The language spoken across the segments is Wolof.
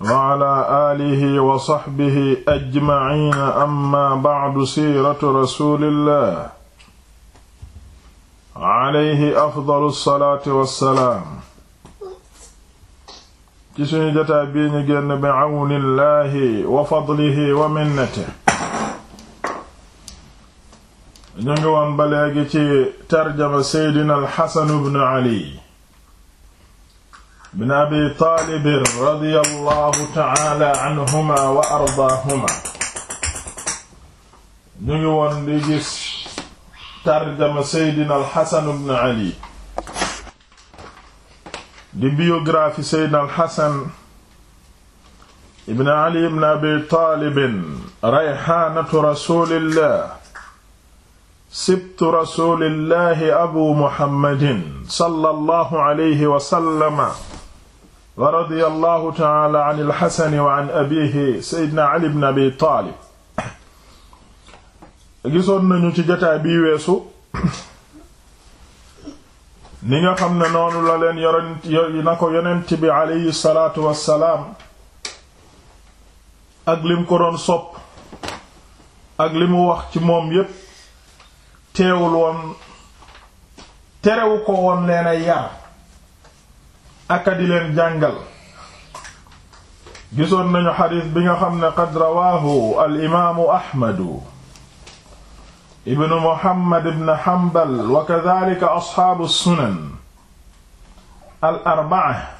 waala aalihi wa saxbihi ajmaciina amma bacdu siiratu rasulillah alayhi afdalu salaati wassalaam ci suñu jataa bii ñu génn bi awnillahi wa fadlihi wa minnati ñu ngi woon ba léegi ci tarjama seydina alxasanu bnu ali bin abi taalib radiyallahu taala anhuma wa ardaahuma ñu ngi woon di gis tarjama seydina alxasan bn ali di biographie seydina alxasan ibn ali ibn abi taalib rayxaanatu rasulillah sibtu rasulillahi abu muhammadin sallallahu alayhi wa sallama wa radiyallahu ta'ala an al-Hasan Ali ibn Abi Taalib gisoon nañu ci jotaay bii weesu ni nga xam ne noonu la leen yonent na ko yonent bi alayhi salaatu wassalaam ak lim ko doon sopp ak li wax ci moom yépp teewul woon terewu ko woon leen a leen jàngal gisoon nañu xadis bi nga xam ne qad rawaahu al imaamu ahmadu ibnu muhammad ibn hanbal wa kadhalika asxaabu sunan al arbaa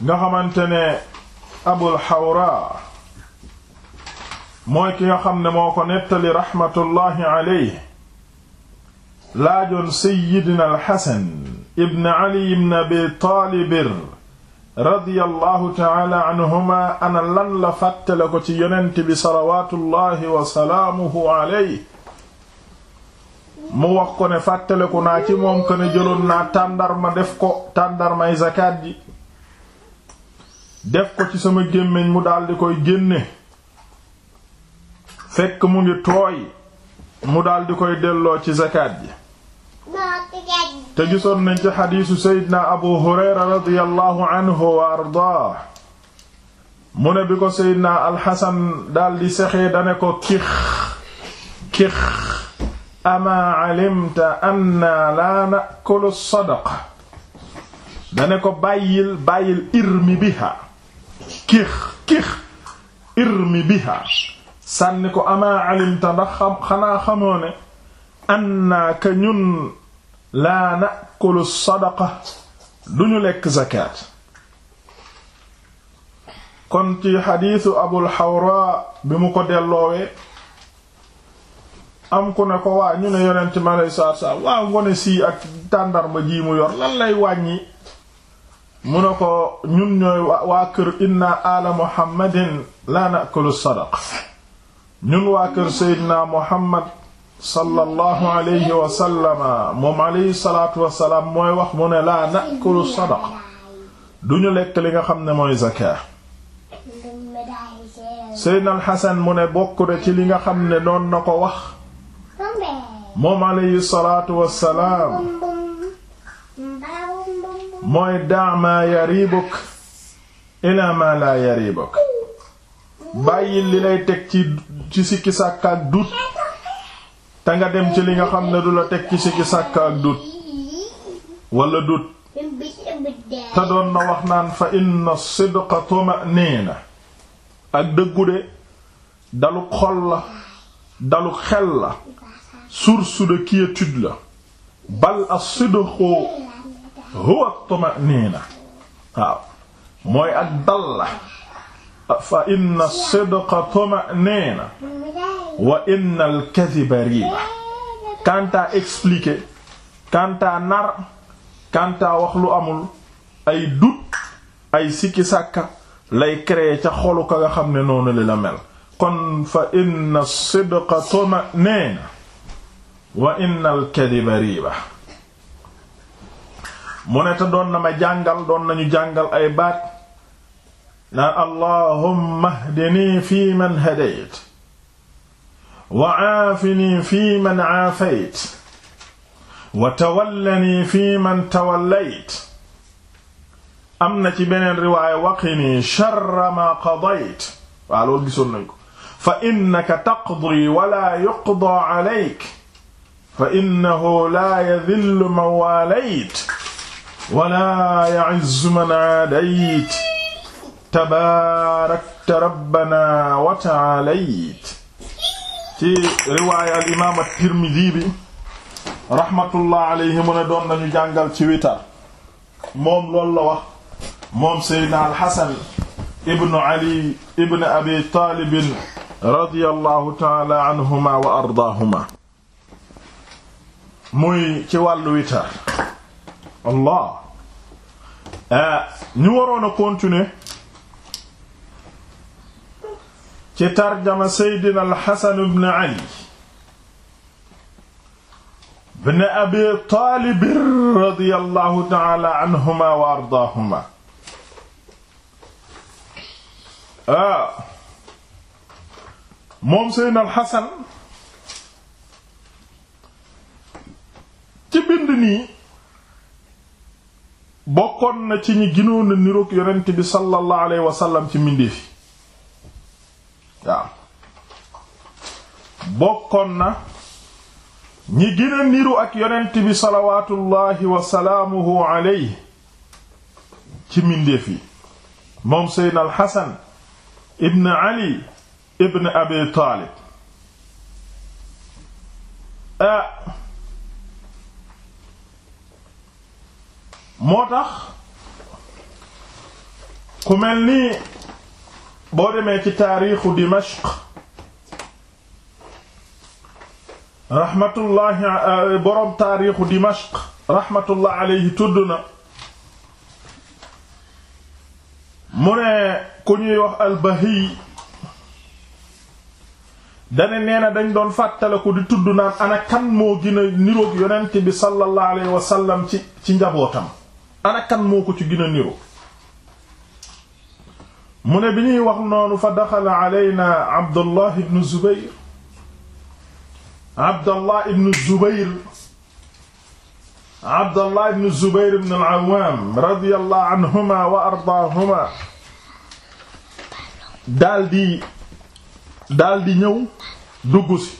nga xamante ne abul xawraa mooy ki nga xam ne moo ko nettali raxmatullaahi aleyhi laajoon seyyidina alxasan ibn ali ibn abi taalibir radiyallahu taala anhuma ana lan la fàttale ko ci yonent bi salawaatullaahi wa salaamuhu aleyhi mu wax ko ne fàttaleku naa ci moom ko ne jëloon naa def ko tàndarmay zakaat ji def ko ci sama gémmiñ mu daldi koy génne fekk mu ngi tooy mu daldi koy delloo ci zakaat ji te gisoon nañ ci xadiisu seydina abu hurayra radiyallahu anhu wa ardaa mu ne bi ko seydina alxasan daldi sexee dane ko kix kix amaa alimta anna laa nakulu sadaqa dane ko bàyyil bàyyil irmi biha kix kix irmi biha sànni ko amaa alimta ndax xam xanaa xamoo ne annaa ka ñun laa nakulu sadaqa duñu lekk zakaat kon ci xadiisu abul xawra bi mu ko delloowee am ku ne ko waa ñu ne yonent ma lay saar waa ngone sii ak tàndarma ji mu yor lan lay wàññi mu ne ko ñun ñooy waa kër inna ala muhammadin laa nakulu sadaqa ñun waa kër seydina muhammad sallallahu alayhi wa moom alayhi salaatu wa mooy wax mu ne laa nakulu sadaqa duñu lekk li nga xam ne mooy zakaa seydina alxasan mu ne bokk ci li nga xam ne noon na ko wax moom alayhi salaatu wa mooy daa maa yariibuk ilaa maa laa yariibuk bàyyil li lay teg ci ci sikki sàkk dut te nga dem ci li nga xam ne du la teg ci sikki sàkk dut wala dut te doon na wax naan fa inna sidqa tuma'nina ak dëggu de xol la dalu xel la source de quiétude la bal as-sidqu huwa at-tuma'nina waaw mooy ak dal la fa inna sidqa tuma'nina wa inna al-kadhiba riba kanta expliquer kanta nar kanta wax lu amul ay doute ay sikki sàkka lay créer ca xolu ka nga xam ne noonu li la mel kon fa inna sidqa tuma'nina wa inna al-kadhiba riba mu ne te doon na ma jàngal doon nañu jàngal ay baat na allahumma hdini fi man hadayt wa aafini fi man aafayt wa tawallani fi man tawallayt am na ci beneen riwaaya waqini sharra ma qadayt waaw loolu gisoon nañ ko fa innaka taqdi wala yuqda alayk fa innahu la yadhillu man walayt wala ya'izzu man aadayt tabaarakta rabbana wa ta'aalayt ci al imaam at-Tirmidi bi rahmatullah alayhi mu ne doon nañu jàngal ci witar moom loolu wax moom Seydina al-Hasan ibn Ali ibn Abi Taalib radiyallahu ta'ala anhuma wa ardaahuma ci wàllu witar Allah eh, ñu waroon a continuer ci tarjama seydina alxasan bn ali bn abi taalib radiyallahu taala anhuma wa ardaahuma ah, moom seydina alxasan ci bind nii bokkoon na ci ñi ginoon na niroog yonent bi sallallahu alayhi wa sallam ci mbindeef waaw bokkoon na ñi gën a niru ak yonent bi salawaatullaahi wa salaamuhu alayhi ci mindeef yi moom seydna alxasan ibn ali ibn abi taalib ah moo tax ku mel nii boo demee ci taarixu Dimashq rahmatullahi boroom taarixu Dimashq rahmatullah alayhi tudd na mu ku ñuy wax al-Bahiy dane nee na dañ doon fàttaliku di tudd naan ana kan moo gën a niroog yonent bi sallallahu alayhi wa ci ci njabootam ana kan moo ko ci gën niroog mu ne bi ñuy wax noonu fa daxala aleyna abdullah ibnu zubayr abdullah ibnu zubayr abdullah ibnu zubayr ibnu al-awwaam radiyallahu anhuma wa ardaahuma daldi daldi ñëw dugg si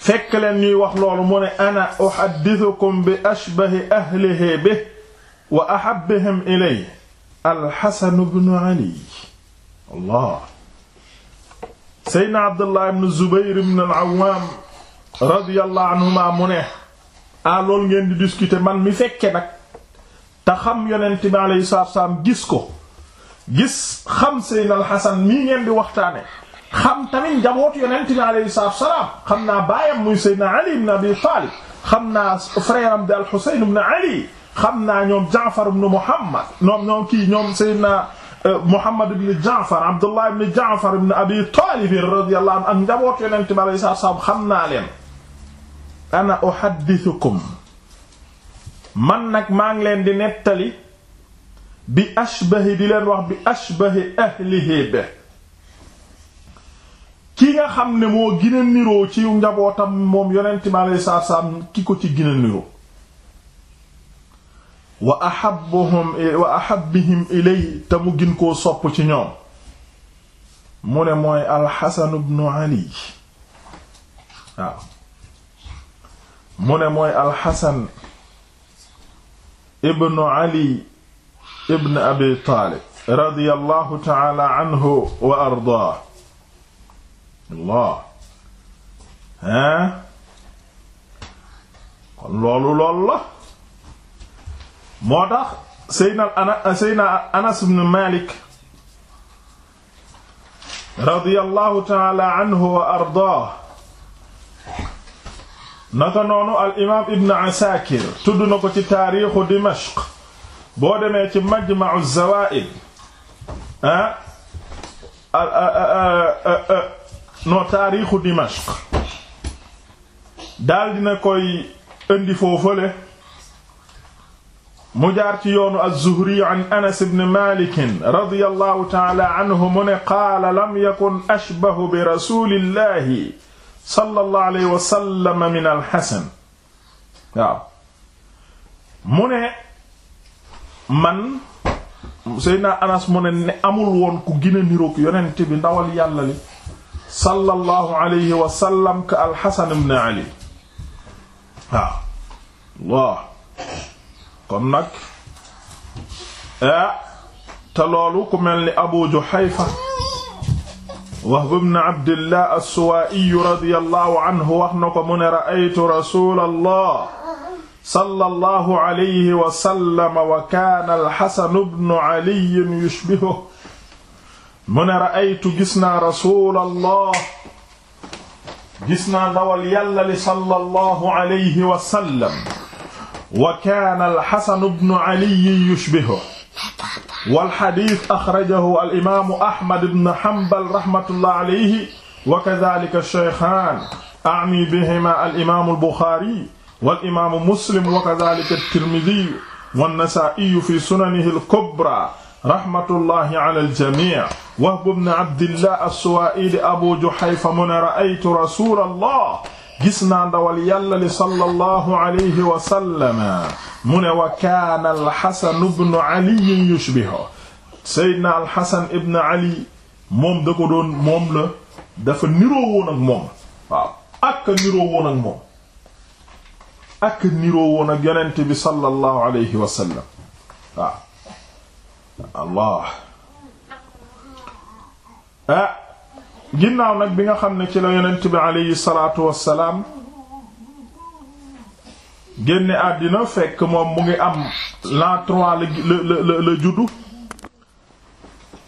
fekk leen ñuy wax loolu mu ne ana uhaddithukum bi ashbahi ahlihi bihi wa ahabbihim ilayhi alxasanu bnu ali allah seydna abdullah bnu zubayr bnu alawaam radiyallahu anhuma mu ne ah lool ngeen di discuter man mi fekke nag te xam yonent bi alayhi salaatu salaam gis ko gis xam seydna alxasan mii ngeen di waxtaane xam tamit njaboot yonent bi alayhi salaatu salaam xam naa baayam muy seydna ali bnu abi taalib xam naa frère am di alxuseyn bnu ali xam naa ñoom Jaafar ibn Muhammad ñoom ñoom kii ñoom Seydina euh, Muhammad ibn Jaafar Abdullah ibn Jaafar ibn Abi Talib radiyallahu anhu ak njaboot Yonent bi salaam xam naa leen ana uhaddithukum man nag maa ngi leen di nettali bi ashbahi di leen wax bi ashbahi ahlihi be ki nga xam ne moo gën a niroo ci njabootam moom Yonent bi alayhi salaam ki ko ci gën niroo wa ahabbuhum wa ahabbihim ilay te mu gin koo sopp ci ñoom mu ne mooy alxasan ibnu ali waaw mu ne mooy alxasan ibnu ali ibn abi taalib radiyallahu ta'ala anhu wa ardaa allah hein kon loolu lool la moo tax Seydina Anas Seydina Anas ibn Malik radiyallahu taala anhu wa ardaah naka noonu al imaam Ibn Asakir tudd na ko ci taarixu Dimashq boo demee ci Majma'u Zawaa'id ah no taarixu Dimashq daal dina koy indi foofale mu jaar ci yoonu az-Zuhri an Anas ibn Malik radiyallahu ta'ala anhu mu ne qaala lam yakun ashbahu bi rasulillahi sallallahu alayhi wa sallam min al-Hasan waaw mu ne man Seydina Anas mu ne ne amul woon ku gën a niroog yonent bi ndawal yàlla li sallallahu alayhi wa sallam ka al-Hasan ibn Ali waaw kon nag ah te loolu ku mel ni Abu Juhayfa Wahb ibn Abdillah as-Suwaa'i radiyallahu anhu wax na ko mu ne ra'aytu rasuulallah sallallahu alayhi wa sallam wa kaana al-Hasan ibn Ali yushbihuhu mu ne ra'aytu gis naa rasuulallah gis naa dawal yàlla li sallallahu alayhi wa sallam wa kaana alxasanu bnu aliyi yushbihu walxadis axrajahu alimaamu ahmad bnu hambal rahmatullah alayhi wa kadalika cheykhan ani bihima alimaamu albuxaari walimaamu muslim wa kadalika altirmidiyu wannasaaiyu fi sunanihi alkubra rahmatullahi ala aljamic wahbu bnu abdillah assuwaa'ili abu juhayfa mu ne ra'aytu rasulallah gis naa ndawal yàlla li sallallahu alayhi mu ne wa kaana alxasan ibnu ali yushbihu seydna alxasan ibnu ali moom da ko doon moom la dafa niroo woon ak moom waaw ak niroo woon ak moom ak allah ah. ginnaaw nag bi nga xam ne ci la yonent bi aleyhi salaatu wassalaam génne àddina fekk moom mu ngi am l'an trois la la la juddu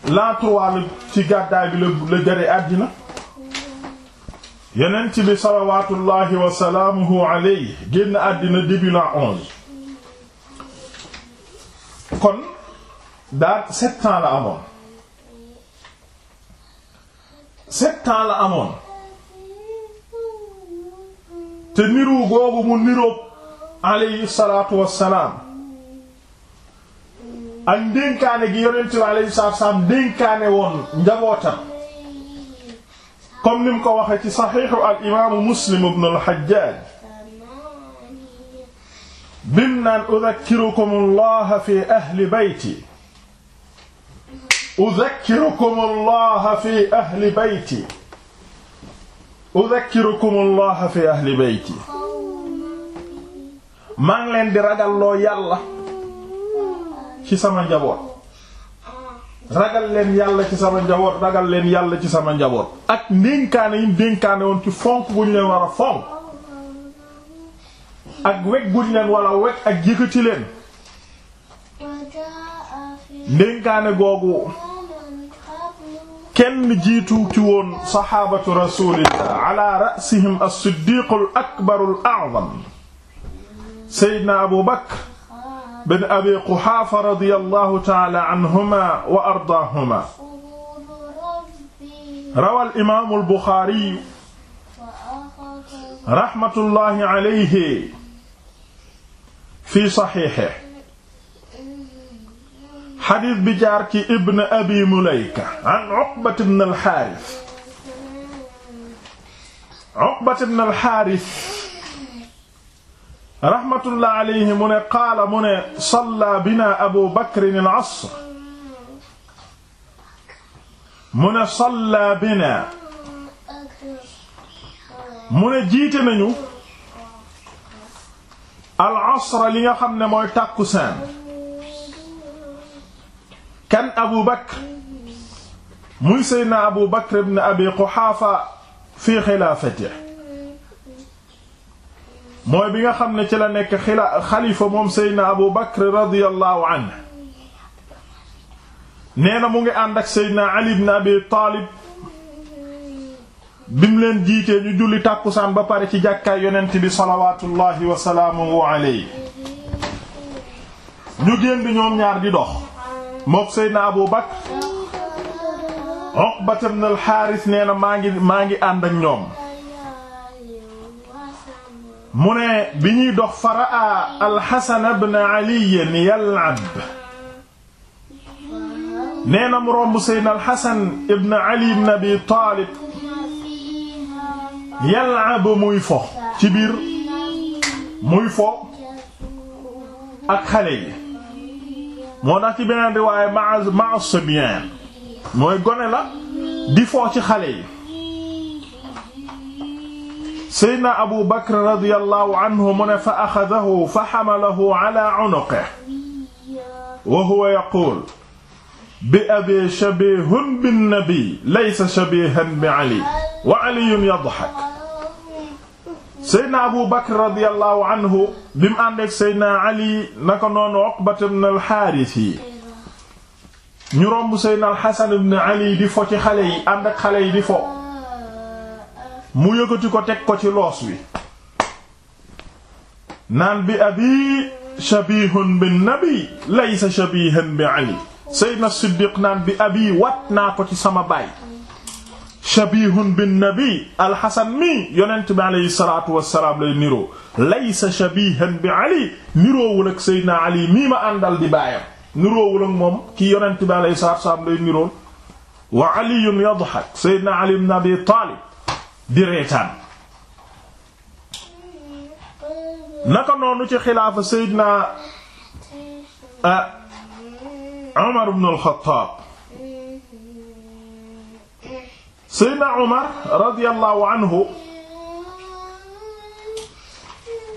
l'an la ci gàddaay bi la la jare àddina yonent bi salawaatullaahi wasalaamuhu aleyhi génn àddina début onze kon daal sept la amoon sept ans la amoon te niru googu mu niroog alayhi salaatu wassalaam ak ndénkaane gi yonent bi alayhi salaatu wassalaam ndénkaane woon njabootam comme ni mu ko waxe ci saxiixu al imaamu muslim ibn al hajjaaj bim naan udhakkirukum allah fi ahli bayti udhakkirukum allah fi ahli bayti udhakkirukum maa ngi leen di ragalloo yàlla ci sama njaboot ragal leen yàlla ci sama njaboot ragal leen yàlla ci sama njaboot ak ndénkaane yi ndénkaane woon ci fonk guñ leen war a fonk ak weg bu ñu leen war a ak yëkkati leen ndénkaane googu kenn jiitu ci woon saxaabatu rasulillah ala rasihim as-siddiq al-akbar al-a'zam sayyidina abu bakr bin abi quhaafa radiyallahu ta'ala anhuma wa ardaahuma rawal imaamul buxaari rahmatullahi alayhi fi saxiixihi xadis bi jaar ci ibn abi mulayka an uqbat ibn alxaaris uqbat ibn alxaaris raxmatullah alayhi mu ne qaala mu ne salla bina abu bakrin al-asr mu ne salla bina mu ne jiite nañu al-asr li nga xam ne mooy tàkkusaan kan Abu Bakr muy Seydina Abu Bakr ibn Abi Quhaafa fii xilaafatihi mooy bi nga xam ne ci la nekk xila xalifa moom Seydina Abu Bakr radiyallahu anhu nee na mu ngi ànd ak Seydina Ali ibn Abi Taalib bim leen jiitee ñu julli tàkkusaan ba pare ci jàkkaay yonent bi salawaatullahi wa salaamuhu alayhi ñu génn ñoom ñaar di dox mook Seydina Abu Bakr Uqbata ibn al-Haaris nee na maa ngi maa ngi ànd ak ñoom mu ne bi ñuy dox faraa al-Hasan ibn Ali yal'ab nee na mu romb Seydina al-Hasan ibn Ali ibn Abi Taalib yal'ab muy fo ci biir muy fo ak xale yi moo tax ci beneen riwaaye ma ma sabien mooy gone la di foo ci xale yi seydna abu bakr radiyallahu anhu mu ne fa axadahu fa xamalahu ala unuqihi wa huwa yaquul bi abi shabihun bin nabi laysa shabihan bi ali wa aliyun yadhak seydna abu bakr radiallahu anhu bi mu seydna ali naka noonu uqbat ibn alxaaris yi ñu romb seydna alxasan ibn ali di fo ci xale yi ànd xale yi di fo mu yëkkati ko teg ko ci loos wi naan bi abi shabihun bi nabi laysa bi ali seydna siddiq naan bi abi wat naa ko ci sama baay shabihun bin nabi alxasan mi yonent bi aleyhi salaatu wasalaam lay niroo laysa shabihan bi ali niroowul ak seydina ali mii ma àndal di baayam niroowul ak moom ki yonent bi aleyhi salaatu wasalaam lay niroo wa aliyun yadhak seydina ali ibn abi taalib di reetaan naka noonu ci xilaafa seydina ah, umar ibn al-xattaab Seydina Omar radiyallahu anhu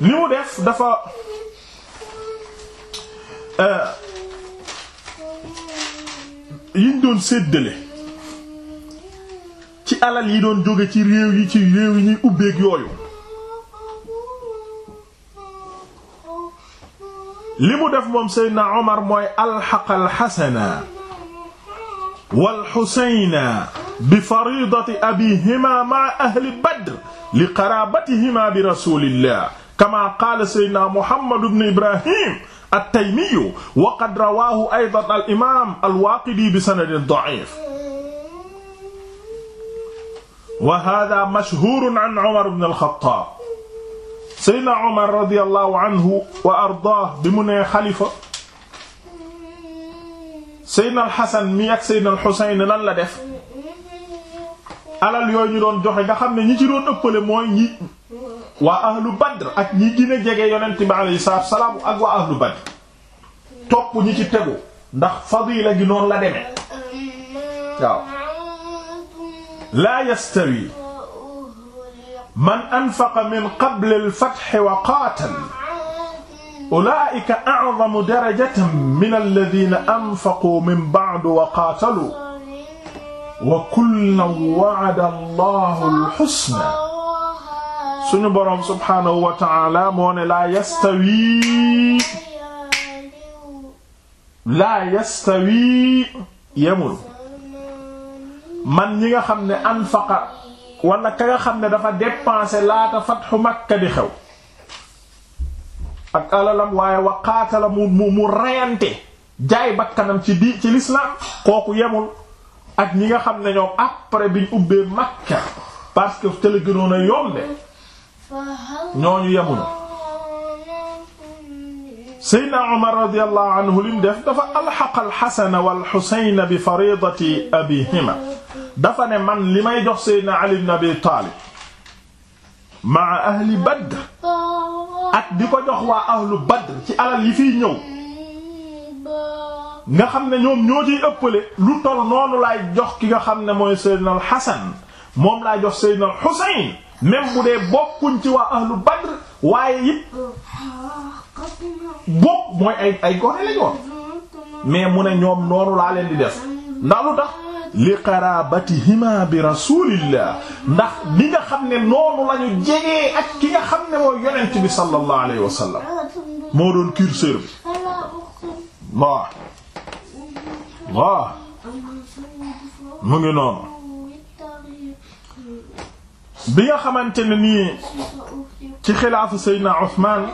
li mu def dafa euh, yiñ doon séddale ci alal yi doon jóge ci réew yi ci réew yi ñuy ubbeeg yooyu li mu def moom Seydina Omar mooy alxaqal xasana wal Xusayna bi faridati abihima ma ahli Badr li qarabatihima bi rasulillah kama qaala sayyidina Muhammad ibn Ibrahim at-Taymi wa qad rawaahu aydan al-imam al-Waaqidi bi sanadin da'if wa haaza mashhuurun an Umar ibn al-Khattaab sayyidina Umar radiyallahu anhu wa ardaahu bi mu nee xalifa seydna alxasan mi ak seydna alxuseyn lan la def alal yooyu ñu doon joxe nga xam ne ñi ci doon ëppale mooy ñi waa ahlu badr ak ñi gën a jege yonent bi alayhi salaatu salaam ak waa ahlu badr topp ñi ci tegu ndax fadila gi noonu la demee waaw laa yastawi man anfaqa min qabl al wa qaatal ulaa'ika a'zamu darajatan min alladhiina anfaqu min ba'du wa qaatalu wa kullan wa'ada Allahu al-husnaa suñu boroom subhaanahu wa ta'aala moo ne laa yastawi laa yastawi yemul man ñi nga xam ne anfaqa wala ka nga xam ne dafa dépensé laata fatxu Makka di xew ak alalam waaye wa qaatala mu mu reyante jaay bakkanam ci di ci l'islam kooku yemu ak ñi nga xam ne ñoom après biñ ubbee Makka parce que te la gënoon a yombe ñooñu yemuñu Seydina Omar radiyallahu anhu lim def dafa alxaqa alxasana walxusayna bi faridati abihima dafa ne man li may jox Seydina Ali ibn Abi Taalib maa ahli Badr ak bi ko jox waa ahlu badr ci alal yi fiy ñëw nga xam ne ñoom ñoo ciy ëppale lu tol noonu laay jox ki nga xam ne mooy seydna al moom laay jox seydna al husayn même bu dee bokkuñ ci waa ahlu badr waaye it bokk mooy ay ay gone lañoon mais mu ne ñoom noonu laa leen di def ndax lu tax li qarabatihima bi rasulillah ndax li nga xam ne noonu la ñu jegee ak ki nga xam ne mooy yonent bi sallallahu alayhi wa sallam moo doon curseur bi waaw waaw mu ngi noonu bi nga xamante ne nii ci xilaafu Seydina Usmaan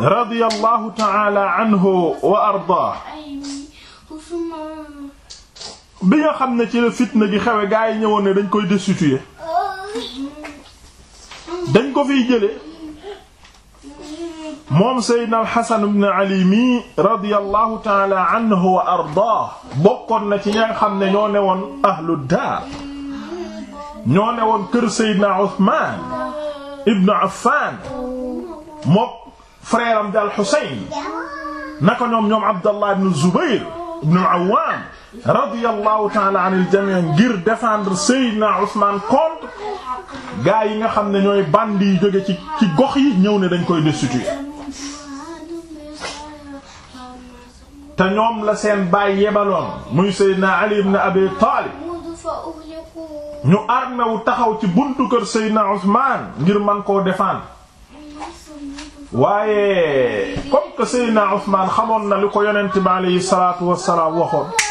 radiyallahu ta'ala anhu wa ardaah bi nga xam ne ci la fitna gi xewe gaa yi ñëwoon ne dañ koy destituer dañ ko fiy jële moom Seydina Alxasan ibn Ali mi radiyallahu taala anhu wa ardaa bokkoon na ci ñi nga xam ne ñoo newoon ahlu daar ñoo newoon kër Seydina Usmaan ibn Affaan mook frère am Al Xuseyn naka ñoom ñoom Abdallah ibn Zubayr ibn Awaam radiyallahu ta'ala anil jami' ngir défendre Seydina Ousmane contre gaa yi nga xam ne ñooy bandi yi jóge ci ci gox yi ñëw ne dañ koy destituer te ñoom la seen baay yebaloon muy Seydina Ali ibn Abi Talib ñu armé taxaw ci buntu kër Seydina ngir man koo defaan waaye comme que Seydina Ousmane xamoon na li ko yonent bi alayhi salaatu wassalaam waxoon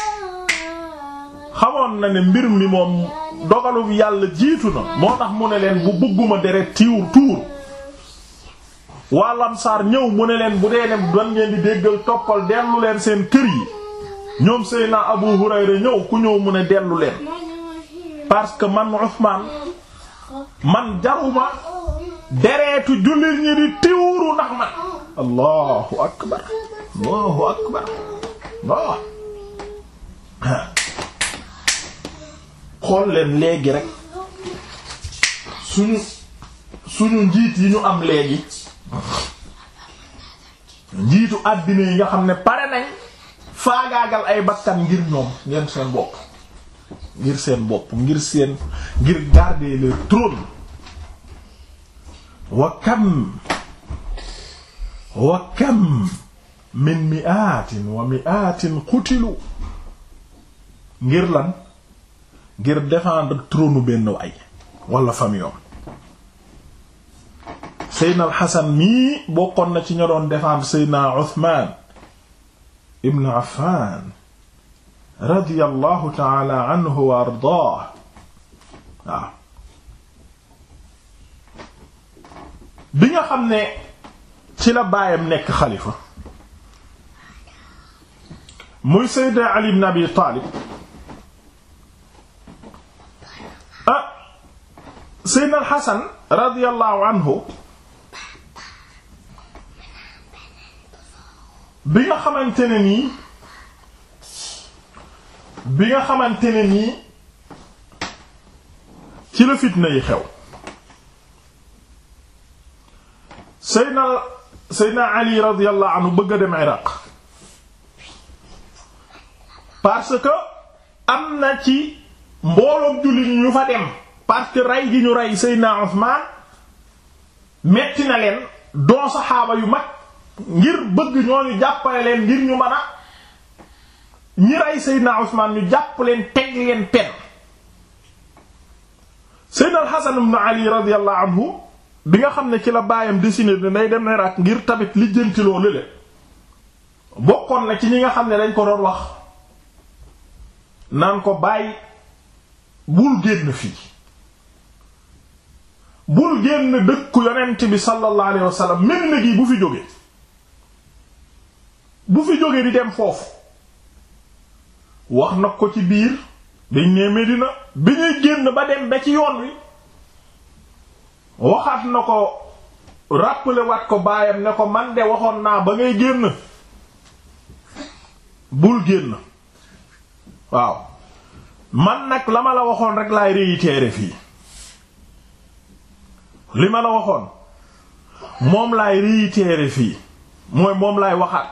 xamoon na ne mbir mi moom dogalu yàlla jiitu na moo tax mu ne leen bu bëgguma deret tiwur tuur waa lamsaar ñëw mu ne leen bu dee dem dan ngeen di déggal toppal dellu leen seen kër yi ñoom Seydina Abu Hurayra ñëw ku ñëw mu ne dellu leen parce que man Usmaan man jaruma dereetu jullit ñi di tiwuru ndax man allahu akbar allahu akbar allah xool leen léegi rek suñu suñu njiit yi ñu am léegi njiitu àddina yi nga xam ne pare nañ faagaagal ay bakkan ngir ñoom ngeen seen bopp ngir seen bopp ngir seen ngir garder le trône wa kam wa kam min mi'atin wa mi'atin qutilu ngir lan ngir défendre trône benn waay wala famille am Al Xasan mii bokkoon na ci ña doon défendre Seydina Usmaan ibn Affaan radiyallahu taala anhu wa ardaah bi nga xam ne ci la baayam nekk xalifa muy Seydina Ali ibn Abi Taalib ah Seydina al Hasan radiyallahu anhu bi nga xamante ne nii bi nga xamante ne nii ci la fitna yi xew Seydina Seydina Ali radiyallahu anhu bëgg a dem Iraq parce que am na ci mbooloom jullit ñu fa dem parce que rey gi ñu rey Seydina Usmaan metti na leen doo saxaaba yu mag ngir bëgg ñooñu jàppale leen ngir ñu mën a ñi rey Seydina Usmaan ñu jàpp leen teg leen pen Seydina Al-Hasan ibn Ali radiyallahu anhu bi nga xam ne ci la baayam décider ne day dem Irak ngir tamit lijjanti loolu le bokkoon na ci ñi nga xam ne dañ ko doon wax naan ko bàyyi bul génn fii bul génn dëkku yonent bi sallallahu alayhi mel na gi bu fi jóge bu fi jóge di dem foofu wax nag ko ci biir dañ ne Medina bi ñuy génn ba dem ba ci yoon wi waxaat na ko rappelé ko baayam ne ko man de waxoon naa ba ngay génn bul génn waaw man nag la ma la waxoon rek laay réitérer fii li ma la waxoon moom laay réitérer fii mooy moom laay waxaat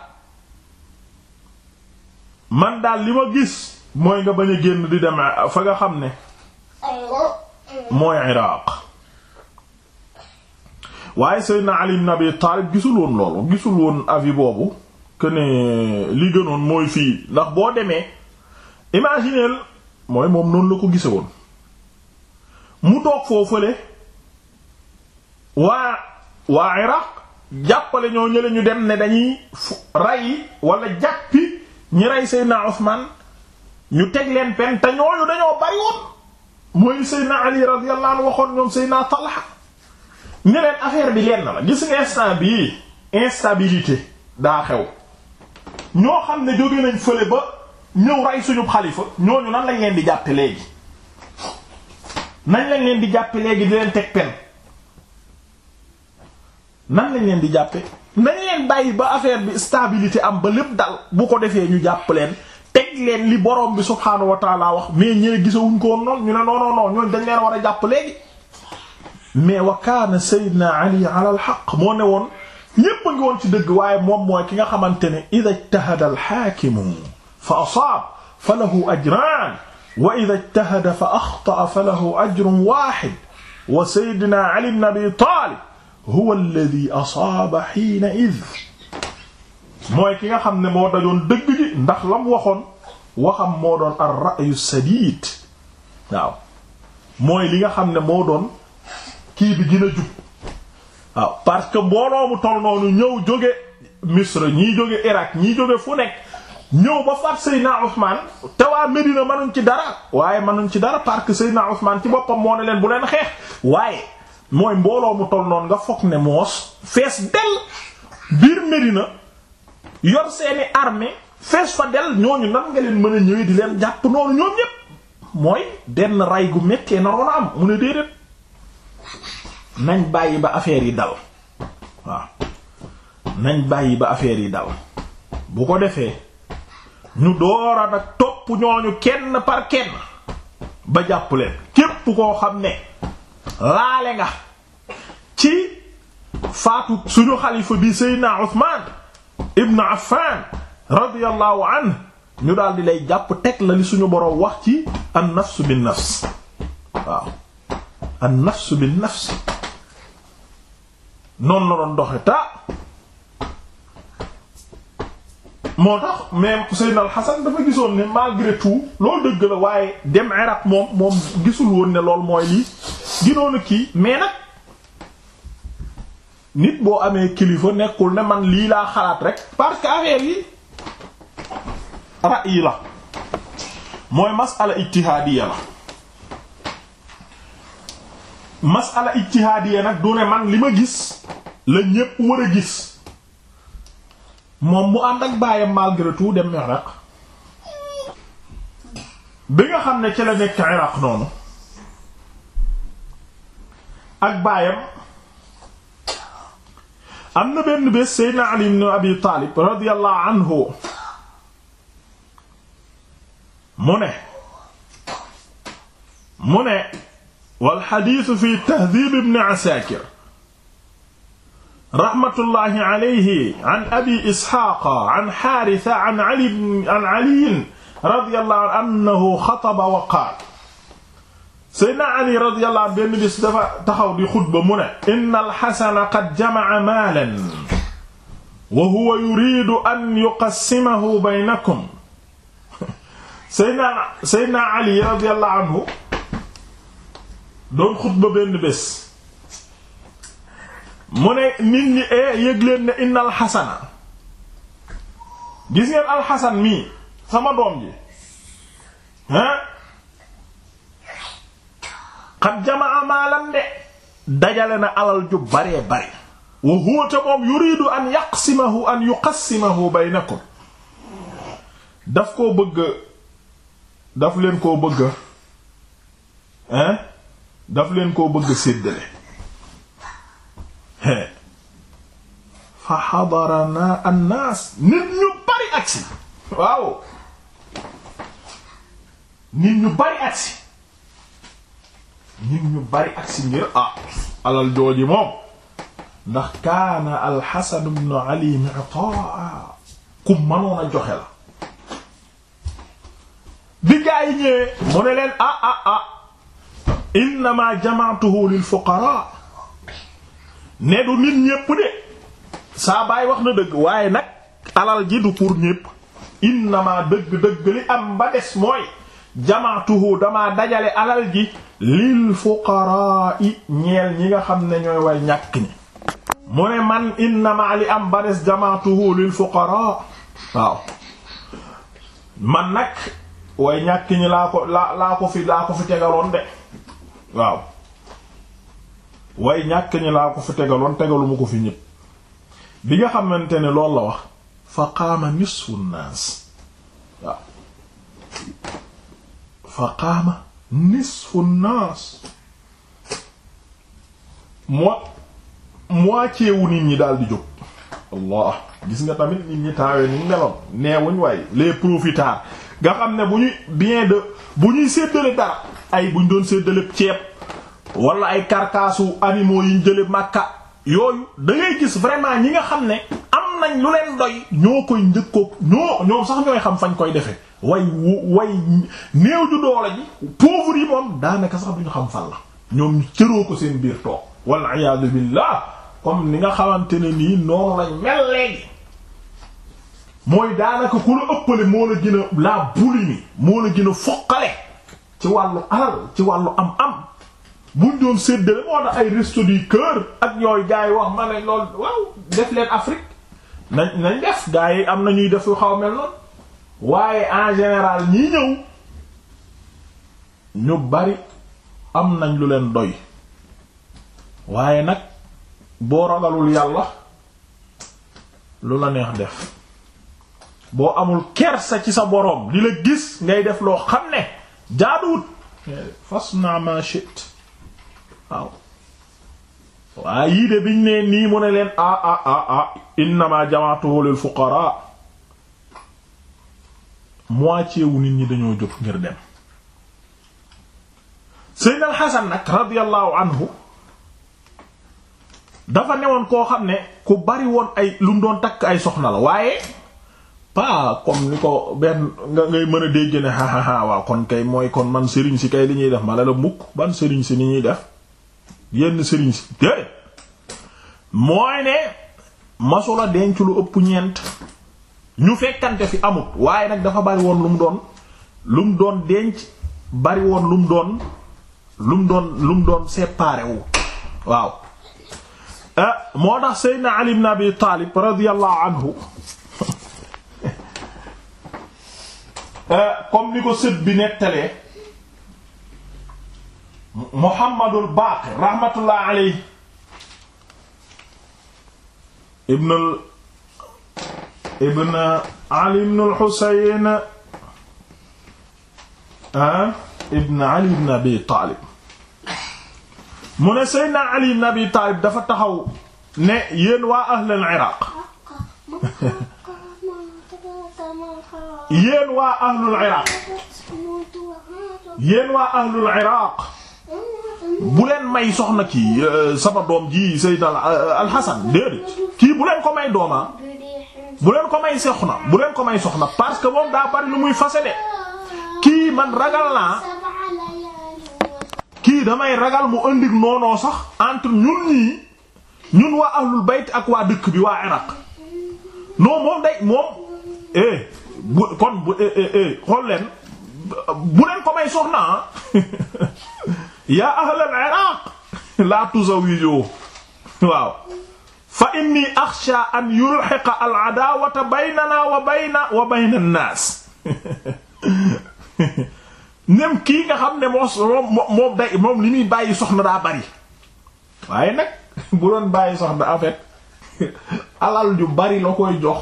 man daal li ma gis mooy nga bañ génn di dem fa nga xam ne mooy Iraq waaye sëy na ibn Abi Taalib gisul woon loolu gisul woon avis boobu que li gënoon mooy fii ndax boo demee imagineel mooy moom noonu la ko gise woon mu toog foofale waa waa iraq jàppale ñoo ñële ñu dem ne dañuy rey walla jàppi ñi rey Seydina Usmaan ñu teg leen pen te ñooñu dañoo bari woon mooy na Ali radiyallahu anhu waxoon ñoom Seydina Talha ne leen affaire bi leen na la gis nga instabilité daa xew ñoo xam ne jóge nañ fële ba ñëw rey suñu xalifa ñooñu nan lañ leen di jàppe léegi nan lañ leen di jàppe léegi di leen teg pen nan lañ leen di jàppe nañ leen bàyyi ba affaire bi stabilité am ba lépp dal bu ko defee ñu jàpp leen teg leen li borom bi subhaanahu wa taala wax mais ñëwe gisawuñ koo woon ñu ne non non non dañ leen war a jàpp léegi mais wa kaana sayyidina ali ala al haqq moo ne woon ñépp a ngi woon ci dëgg waaye moom mooy ki nga xamante ne ida ijtahada al fa asaab fa lahu ajraan wa idaa ijtahada fa axta'a fa lahu ajrun waahid wa sayyidinaa Ali ibn Abi Taalib huwa alladii asaaba hiina'idh mooy ki nga xam ne moo dajoon dëgg gi ndax la mu waxoon waxam moo doon ar-ra'yu sadiid waaw mooy li nga xam ne moo doon kii bi gën a jub waaw parce que mbooloo mu toll noonu ñëw jóge Misra ñii jóge Irak ñii jóge fu nekk ñëw ba faat Seydina Ousmane te waa Medina mënuñ ci dara waaye mënuñ ci dara parce que Seydina Ousmane ci boppam moo ne leen bu leen xeex waaye mooy mbooloo mu toll noonu nga foog ne moos fees del biir Medina yor seeni arme fees fa del ñooñu nan nga leen mën a ñëwee di leen jàpp noonu ñoom ñépp mooy benn ray gu na naroon a am mu ne déedéet nañ bàyyi ba affaire yi dal waaw nañ bàyyi ba affaire yi dal bu ko defee. ñu door a topp ñooñu kenn par kenn ba jàpp leen képp koo xam ne laale nga ci faatu suñu xalifa bi Seydina Usmaan ibn Affan radiyallahu anhu ñu daldi lay jàpp teg la li suñu boroom wax ci an nafs bin nafs waaw an nafs bin la doon doxe ta moo tax même Seydina Al dafa gisoon ne malgré tout loolu dëgg la waaye dem Iraq moom moom gisul woon ne loolu mooy lii ginoon kii mais nag nit boo amee kilifa nekkul ne man lii laa xalaat rek parce que affaire yi ra'yi la mooy masala ijtihaadiya la masala ijtihaadiya nag du ne man li ma gis la ñépp war a gis moom mu ànd ak baayam malgré tout dem Iraq bi nga xam ne ci la nekk Iraq noonu ak baayam am na benn bés Seydina Ali ibn Abi Taalib radiyallahu anhu mu ne mu ne wal hadiis fi Tahdhib ibn Asakir rahmatullahi alayhi an abi isxaaqa an xaarisa an ali an aliyin radiyallahu annahu xataba wa qaala seydna ali radiyallahu benn bis dafa taxaw di xutba mu ne inna alxasana qad jamaca maalan wa huwa yuridu an yuqassimahu baynakum seydna seydna ali radiyallahu anhu doon xutba benn bés mu ne nit ñi e yëg ne inna alxasana gis ngeen alxasan mii sama doom ji ah xat jamaa maalam de dajale na alal ju baree bare wa huwa ta moom yuridu an yaqsimahu an yuqassimahu baynakum daf koo bëgg daf leen koo bëgg hein daf leen koo bëgg séddale fa xadarana annaas nit ñu bari agsi waaw nit ñu bari agsi nit ñu bari agsi ngir ah alal jooji moom ndax kaana alxasan ibn ali mi'taa ku mënoon a joxe la bi gaa yi ñëwee mu ne leen ah ah ah innama jama'tuhu lil fuqara ne du nit ñépp de saa wax na dëgg waaye nag alal ji du pour ñépp innama dëgg-dëgg li am ba des mooy jamaatuhu damaa dajale alal ji lil fuqaraa'i ñeel ñi nga xam ne ñooy way ñàkk ñi mu ne man innama li am ba des jamaatuhu lil fuqaraa waaw man nag way ñàkk ñi laa ko laa laa ko fi laa ko fi tegaloon de waaw way ñàkk ñi laa ko fi tegaloon tegaluma ko fi ñëpp bi nga xamante ne loolu la wax fa qaama nisfu nnaas waaw fa qaama nisfu nnaas mo moitié wu nit ñi daal di jóg allah gis nga tamit nit ñi taawee ni meloon neewuñ waaye le profiteurs nga xam ne bu ñuy bien de bu ñuy séddale dara ay bu ñu doon séddale ceeb wala ay carcasses animaux yi ñu jële Makka yooyu da gis vraiment ñi nga xam ne am nañ lu leen doy ñoo koy njëkkoog ñoo ñoom sax ñooy xam fañ koy defee way way néew ju doole ji pauvre yi moom daanaka sax duñu xam fan la ñoom cëroo ko seen biir toog walla iyaadu billah comme ni nga xamante ne nii noonu lañ mel léegi mooy daanaka ku la ëppale moo la gën a la buli ni moo la gën foqale ci wàllu alal ci wàllu am am buñ doon séddale moo tax ay resto du cœur ak ñooy gars yi wax ma ne lool waaw def leen Afrique nañ nañ def gars yi am nañuy ñuy def yu xaw mel noonu waaye en général ñi ñëw ñu bari am nañ lu leen doy waaye nag boo ragalul yàlla lu la neex def boo amul kersa ci sa boroom li la gis ngay def loo xam ne jaaduwut fas naa ma shit waaw waa yii de biñ ne nii mu ne leen a ah, a ah, a ah, a innama jamaatuhu lil fuqara moitié wu nit ñi dañoo jóg ngir dem Seydina Hasan nag radiyallahu anhu dafa newoon koo xam ne ku bari woon ay lu mu doon takk ay soxna la waaye pas comme ni ko benn nga ngay mën a dégg ne ha ha kon kay mooy kon man sëriñ si kay li ñuy def ma la la mukk ban sëriñ si ni ñuy def yenn sëriñ si déedéet mooy ne masula denc lu ëpp ñeent ñu fekkante fi amut waaye nag dafa bari woon lu mu doon lu mu doon denc bari woon lu mu doon lu mu doon lu mu doon séparé wu waaw eh, moo tax Seydina Ali ibn Abi Taalib radiyallahu anhu eh, comme ni ko sët bi nettalee Muhammadul Baaqir rahmatullah alayhi ibn ibn Ali ibn al-Husayn ah ibn Ali ibn Abi Taalib mu ne Seydina Ali ibn Abi Taalib dafa taxaw ne yéen waa ahlul Iraq yéen waa ahlul Iraq yéen waa ahlul Iraq bu leen may soxna kii euh, sama doom ji Seydina euh, Alxasan déedéet kii bu leen ko may dooma bu leen ko may soxna bu leen ko may soxna parce que moom daa pare lu muy fase de kii man ragal naa kii damay ragal mu indi noonoo sax entre ñun ñii ñun waa ahlul bayt ak waa dëkk bi waa Iraq non moom day moom eh bu kon bu eh eh, eh xool leen bu leen ko may soxna ah. yaa ahlal iraq laa tuzawijo waaw fa inni axsha an yulxiqa nga xam ne li muy bàyyi soxna daa bari waaye nag bu doon bàyyi soxna alal ju bari la koy jox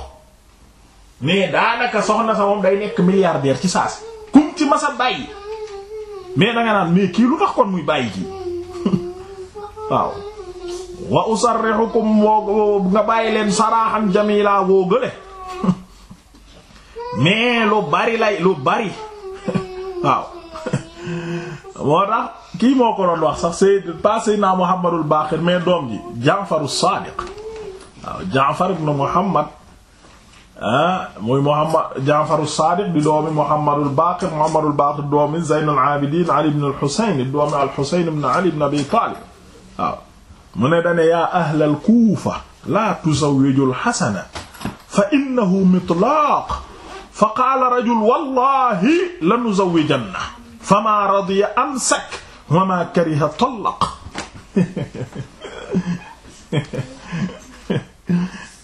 mais daanaka soxna sa moom day nekk milliardaire ci saas kum ci masa bàyyi mais da nga naan mais kii lu tax kon muy bàyyi kii waaw wa usarrihukum woo nga bàyyi leen saraxan jamila woo gële mais lu bari lay lu bari waaw moo tax kii moo ko doon wax sax sayyid pas sayyidna Muhammadul Baqir mais doom ji Ja'far as waaw Ja'far ibn Muhammad ah muy Muhammad Jaafaru Saadiq di doomi Muhammadul Baaqir Muhammadul Baaqir doomi Zeynul Aabidiin Ali ibn al-Husayn doomi al-Husayn ibn Ali ibn Abi Taalib waaw mu ne dane yaa ahlal Kuufa laa tuzawwijul Hasana fa innahu mitlaaq fa qaala rajul wallaahi lanuzawwijanna famaa radiya amsak wa maa kariha tallaq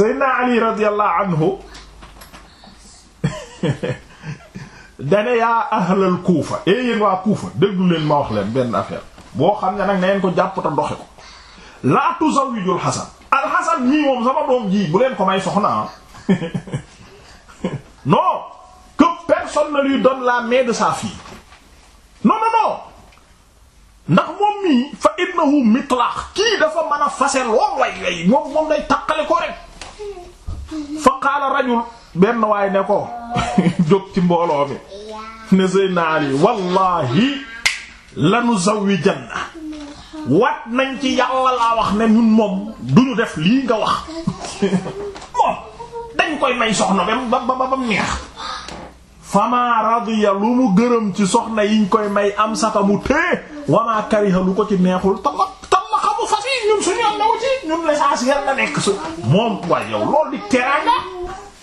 Seydina Ali radiyallahu anhu dane yaa ahlal Kuufa e yéen waa Kuufa déglu leen ma wax leen benn affaire boo xam ne nag na ngeen ko jàpp ta doxe ko laa tuzawwijul Hasan al Hasan moom sama doom ji bu leen ko may soxna ah. non que personne ne lui donne la main de sa fille non non non ndax moom mii fa innahu mitlaq kii dafa mën a fase lool way way moom moom day taqale ko rek fa qaala rajul benn waay ne ko jóg ci mbooloo mi ne Seydina Ali wallahi lanu zawwijanna wat nañ ci yàlla laa wax ne ñun moom duñu def lii nga wax moom dañ koy may soxna ba ba ba bam neex fama radiya lu mu gërëm ci soxna yiñ koy may am saka mu tée wamaa kariha lu ko ci neexul talaq xam-xamu famille ñun suñu yoon nawu ci ñun l'essentiel la nekk su moom waaye yow loolu di teraanga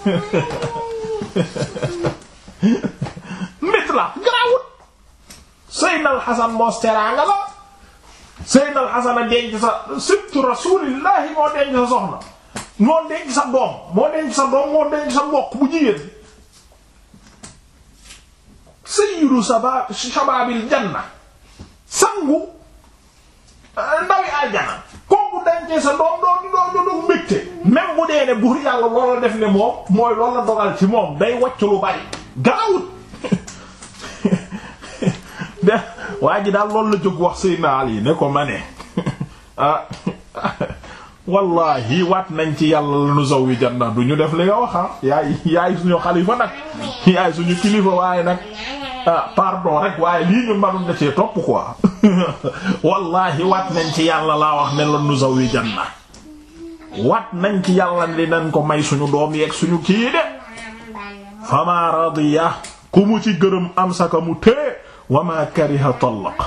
mbit la garaawut Seynal Xasan moos teraanga la Seynal Xasan a denc sa surtout rasulillahi moo denc sa soxna moo denc sa doom moo denc sa doom moo denc sa mbokk bu jigéen sayyidu shabaabil janna sangu ndawi àjjana kooku dencee sa doom dootu dootu dootu mbégte même bu dee ne buur yàlla loola def ne moom mooy loola dogal ci moom day wàcc lu bari gaawut de daal loolu la jóg wax Seydina Ali ne ko ma ah, wallahi wat nañ ci yàlla la nu sow wi janna du ñu def li nga wax ah yaay yaay suñu xalifa nag yaay suñu kilifa waaye nag ah pardon rek waaye lii ñu mbalu na cee topp quoi wallahi waat nañ ci yàlla laa wax ne la nu sow wi janna waat nañ ci yàlla li nañ ko may suñu doom yeeg suñu kii de fama radiya ku mu ci gërëm am saka mu tée wama kariha tallaq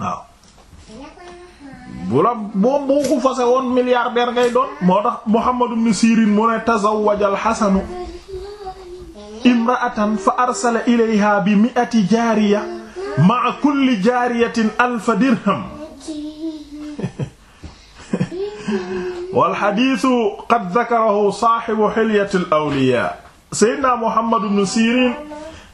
waaw bu la moom boo ko woon milliardaire moo tax Sirin mu ne tazawwaja al-Hasan imra'atan fa arsala ilayha bi mi'ati jaariya ma'a kulli jaariyatin alfa dirham wal hadiisu qad dhakarahu saahibu hilyati al-awliyaa Seydina Muhammad Sirin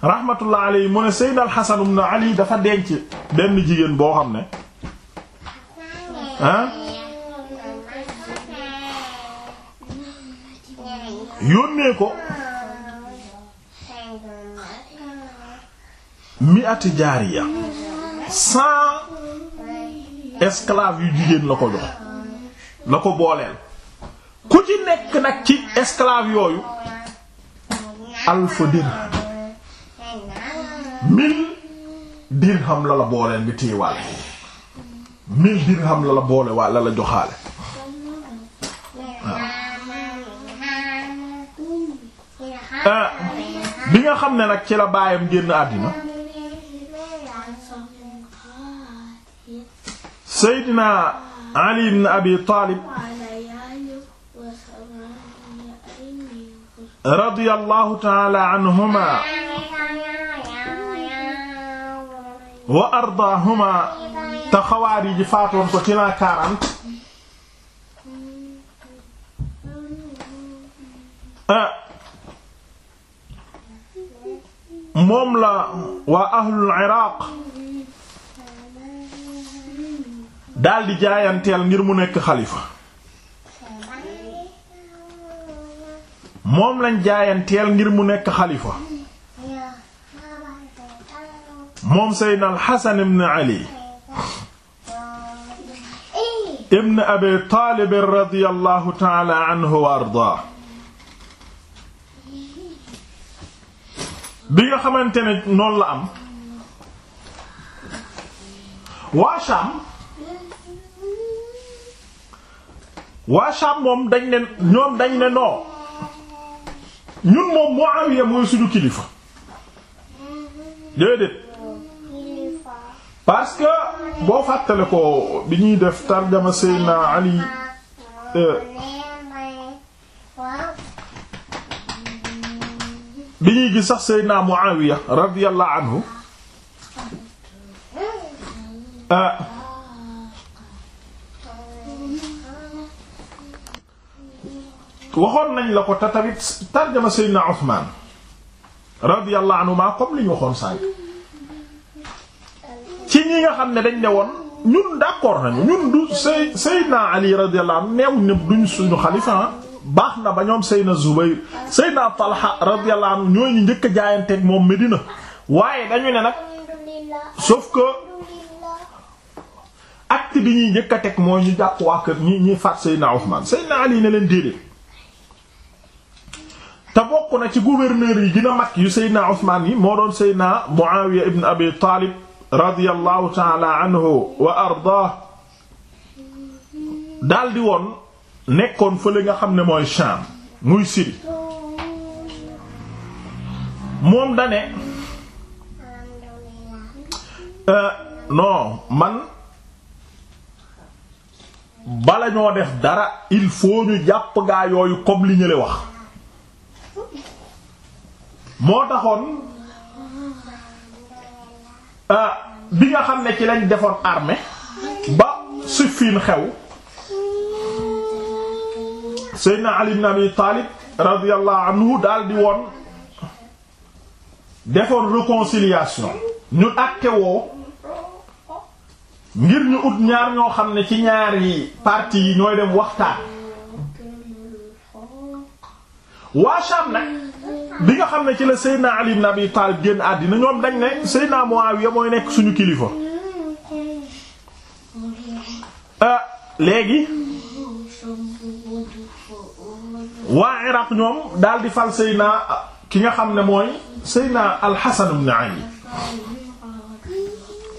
rahmatullah alayhi mu ne al-Hasan ibn Ali dafa denc benn jigéen boo xam ne yónnee ko mi ati jaariya cent esclave yu jigéen la ko jox la ko booleel ku ci nekk nag ci esclave yooyu alfa dirham mille dirham la la booleel bi téewaale mille dirham la la boole waa la la joxaale waaw ah. ah. bi nga xam ne nag ci la baayam génn àddina Seydina Ali ibn Abi Taalib radiyallahu ta'ala anhuma wa ardaahuma te xawaarij yi faatoon ko ci la 40 ah. moom la waa ahlul iraq daal jaayanteel ngir mu nekk xalifa moom lañ jaayanteel ngir mu nekk xalifa moom seydna alxasan ibn ali ibn abi taalib radiyallahu taala anhu wa ardaa bi nga xamante ne la am waa Sham waa Sham moom dañ ne ñoom dañ ne noo ñun moom Muawiya mooy kilifa parce que boo fàttale ko bi ñuy def tarjama Seydina Ali bi ñuy gis sax Seydina Muawiya radiyallahu anhu ah, waxoon nañ la ko te tamit tarjama Seydina Usmaan radiyallahu anhu maa comme li ñu waxoon sànk ci ñi nga xam ne dañ ne woon ñun d'accord nañu ñun du say Seydina Ali radiyallahu anhu neew ñëpp duñ suñu xalifa baax na ba ñoom Seydina Zubayr Seydina Talha radiyallahu anhu ñooy ñu njëkk a moom Medina waaye dañu ne nag sauf que acte bi ñuy njëkk a teg mooy ñu jàpp waa kër ñi ñuy faat Seydina Ousmane Ali ne leen déedéet te bokk na ci gouverneur yi gën a mag yu Seydina Ousmane yi moo doon Seydina Muawiya ibn Abi Talib radiyallahu taala anhu wa ardaah daldi woon nekkoon fële nga xam ne mooy Sham muy Syrie moom dane euh, non man bala ñoo def dara il faut ñu jàpp gaa yooyu comme li ñële wax moo taxoon Euh, bi nga xam ne ci lañ defoon arme ba Siffin xew Seydina Ali ibn Abi Talib radiyallahu anhu daal di woon defoon réconciliation ñu àtte woo ngir ñu ut ñaar ñoo xam ne ci ñaari parti yi ñooy dem waxtaan waa Sham nag bi nga xam ne ci la Seydina Ali ibn Taalib génn àddina ñoom dañ ne Seydina Muawiya mooy nekk suñu kilifa euh, léegi waa Iraq ñoom daal di fal Seydina ki nga xam ne mooy Seydina Al-Hasan Ali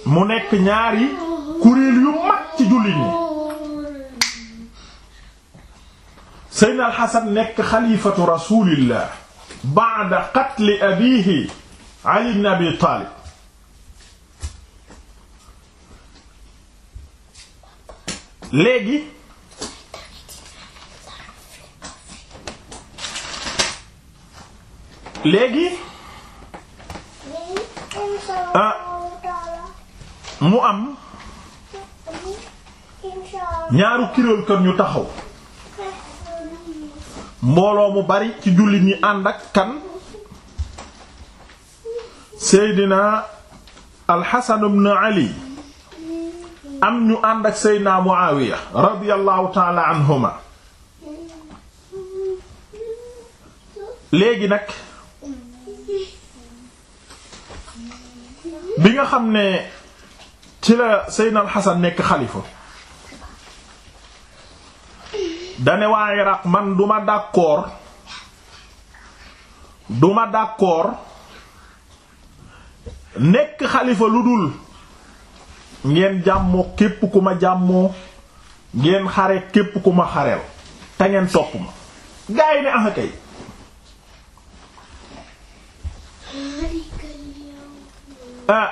mu nekk ñaari kuréel yu mag ci jullit ñi Seydina al nekk xalifatu Rasulillah ba'da qatli abiihi Ali ibn Abi Taalib léegi ah, mu am ñaaru kirool kër ñu taxaw mbooloo mu bari ci jullit ñi ànd ak kan seydina alxasan ibn ali am ñu ànd ak seydina muawiya radiyallahu taala anhuma léegi nag bi nga xam ne ci la seydina alxasan nekk xalifa dane waa Iraq man duma d'accord duma d'accord nekk xalifa lu dul ngeen jàmmoo képp ku ma jàmmoo ngeen xare képp ku ma xareel te ngeen topp ma gaa ne am ah, kay ah.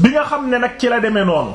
bi nga xam ne nag ci la demee noonu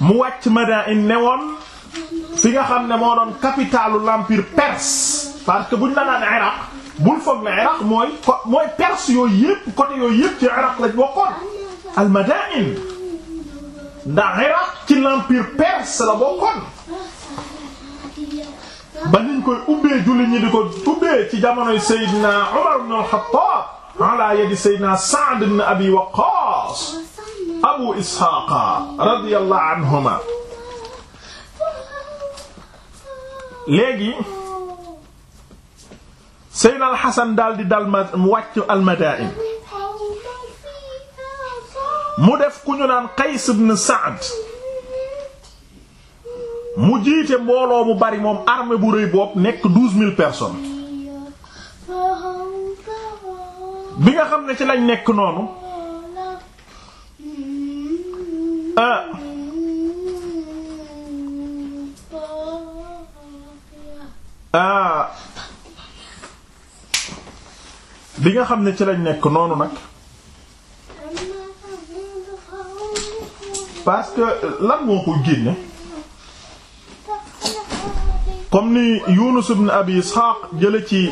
mu wàcc Madain ne woon fi nga xam ne moo capital lampir l'empire perse parce que buñ la naan Iraq bul foog ne Iraq mooy co mooy perse yooyu yëpp côté yooyu yëpp ci Iraq lañ bokkoon al Madain ndax Iraq ci l'empire perse la bokkoon ba koy ubbee julli ñi di ko ubbee ci jamonoy Seydina Umar ibn al-Khattab ala yadi Seydina Sa'd ibn Abi Waqqas abu isxaaqa radiyallahu anhuma léegi seydna alxasan daldi dal mu wàcc almadaa'in mu def ku ñu naan qays ibn saad mu jiite mbooloo mu bari moom arme bu rëy boobu nekk douze mille personnes bi nga xam ne ci lañ nekk noonu Ah. Ah. bi nga xam ne ci lañ nekk noonu nag parce que lan moo ko génne comme ni Yunus ibn Abi Ishaq jële ci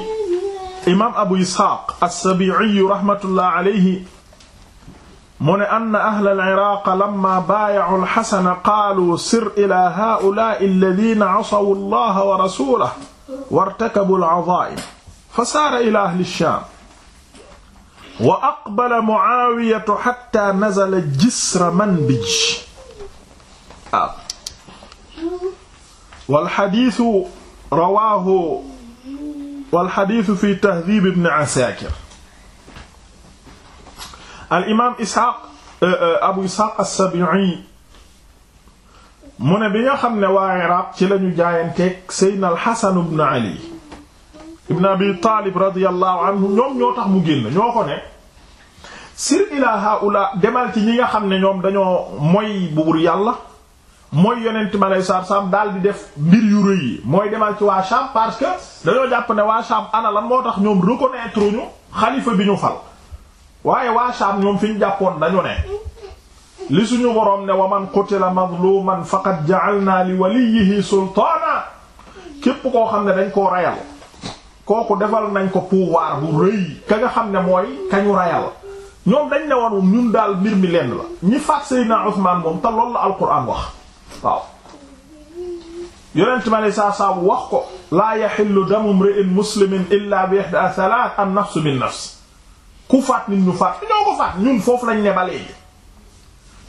imaam Abu Ishaq as-Sabi'i rahmatullah alayhi mu ne ann ahla alciraaq lamma baayacu alxasana qaaluu sir ila haulaai alladina casawu allaha wa rasulah wartakabu alcadaa'im fa saara ila ahli shaam wa aqbala mucaawiyatu xatta nazala jisra manbij waaw ah. walxadiisu rawaahu walxadiisu fi tahdiib ibn asaakir al imaam Isxaaq euh, euh, Abu Isxaaq as-Sabi'i mu ne bi nga xam ne waa Iraq ci lañu jaayanteeg Seydina al-Hasan ibn Ali ibn Abi Taalib radiyallahu anhu ñoom ñoo tax mu génn ñoo ko ne sir ilaa haula demal ci ñi nga xam ne ñoom dañoo mooy buur yàlla mooy yonent mi aleyhi salaatu salaam daal di def mbir yu rëy yi mooy demal ci waa Sham parce que dañoo jàpp ne waa Sham ana lan moo tax ñoom reconnaître ñu xalifa bi ñu fal waaye waa Shaam ñoom fi ñu jàppoon dañu ne li suñu boroom ne wa man qutila mazluman faqad ja'alna li waliyihi sultaana képp koo xam ne dañ koo rayal kooku defal nañ ko pouvoir bu rëy ka nga xam ne mooy kañu rayal ñoom dañ ne woon ñun daal mbir mi lenn ñi faat Seydina Usmaan moom te loolu la wax waaw yonent ma ne saa saa wax ko laa yaxillu damu imri'in muslimin illa bi ihda thalath an nafsu bin nafs ku faat nit ñu faat ñoo ko foofu lañu ne ba léegi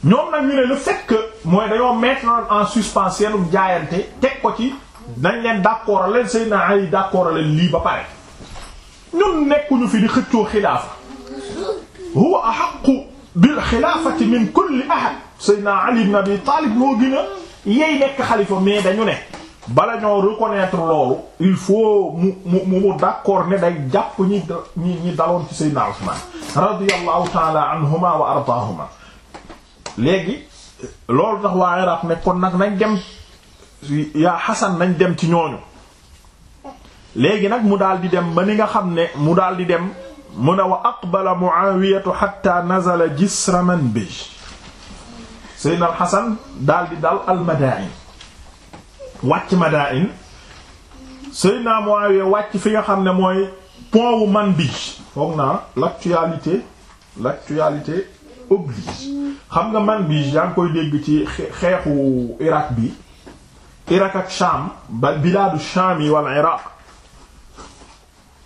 ñoom nag ñu ne le fait que mooy dañoo mettre en suspens seenu jaayante teg ko ci nañ leen d'accord leen Seydina Ali d'accord leen lii ba pare ñun nekkuñu fi di xëccoo xilaafa huwa ahaqqu bil xilaafati min kulli ahad Seydina Ali ibn Abi Talib moo gën a yey nekk xalifa mais dañu ne bala ñoo reconnaître loolu il faut mu mu mu d'accord ne day jàpp ñi ñi ñi daloon ci Seydina Usman radiyallahu taala anhuma wa ardaahuma léegi loolu tax waa Iraq ne kon nag nañ dem yaa Xasan nañ dem ci ñooñu léegi nag mu daal di dem ba ni nga xam ne mu daal di dem mu ne wa aqbala Muawiyatu hatta nazala jisra Manbij Seydina Xasan daal di dal al-Madaa'in wàcc Madain Seydina Muawiya wàcc fi nga xam ne mooy powu man bi foog naa l'actualité l'actualité oblige xam nga man bi yaa ngi koy dégg ci xeexu Irak bi Irak ak Sham ba bilaadu Sham yi wala Irak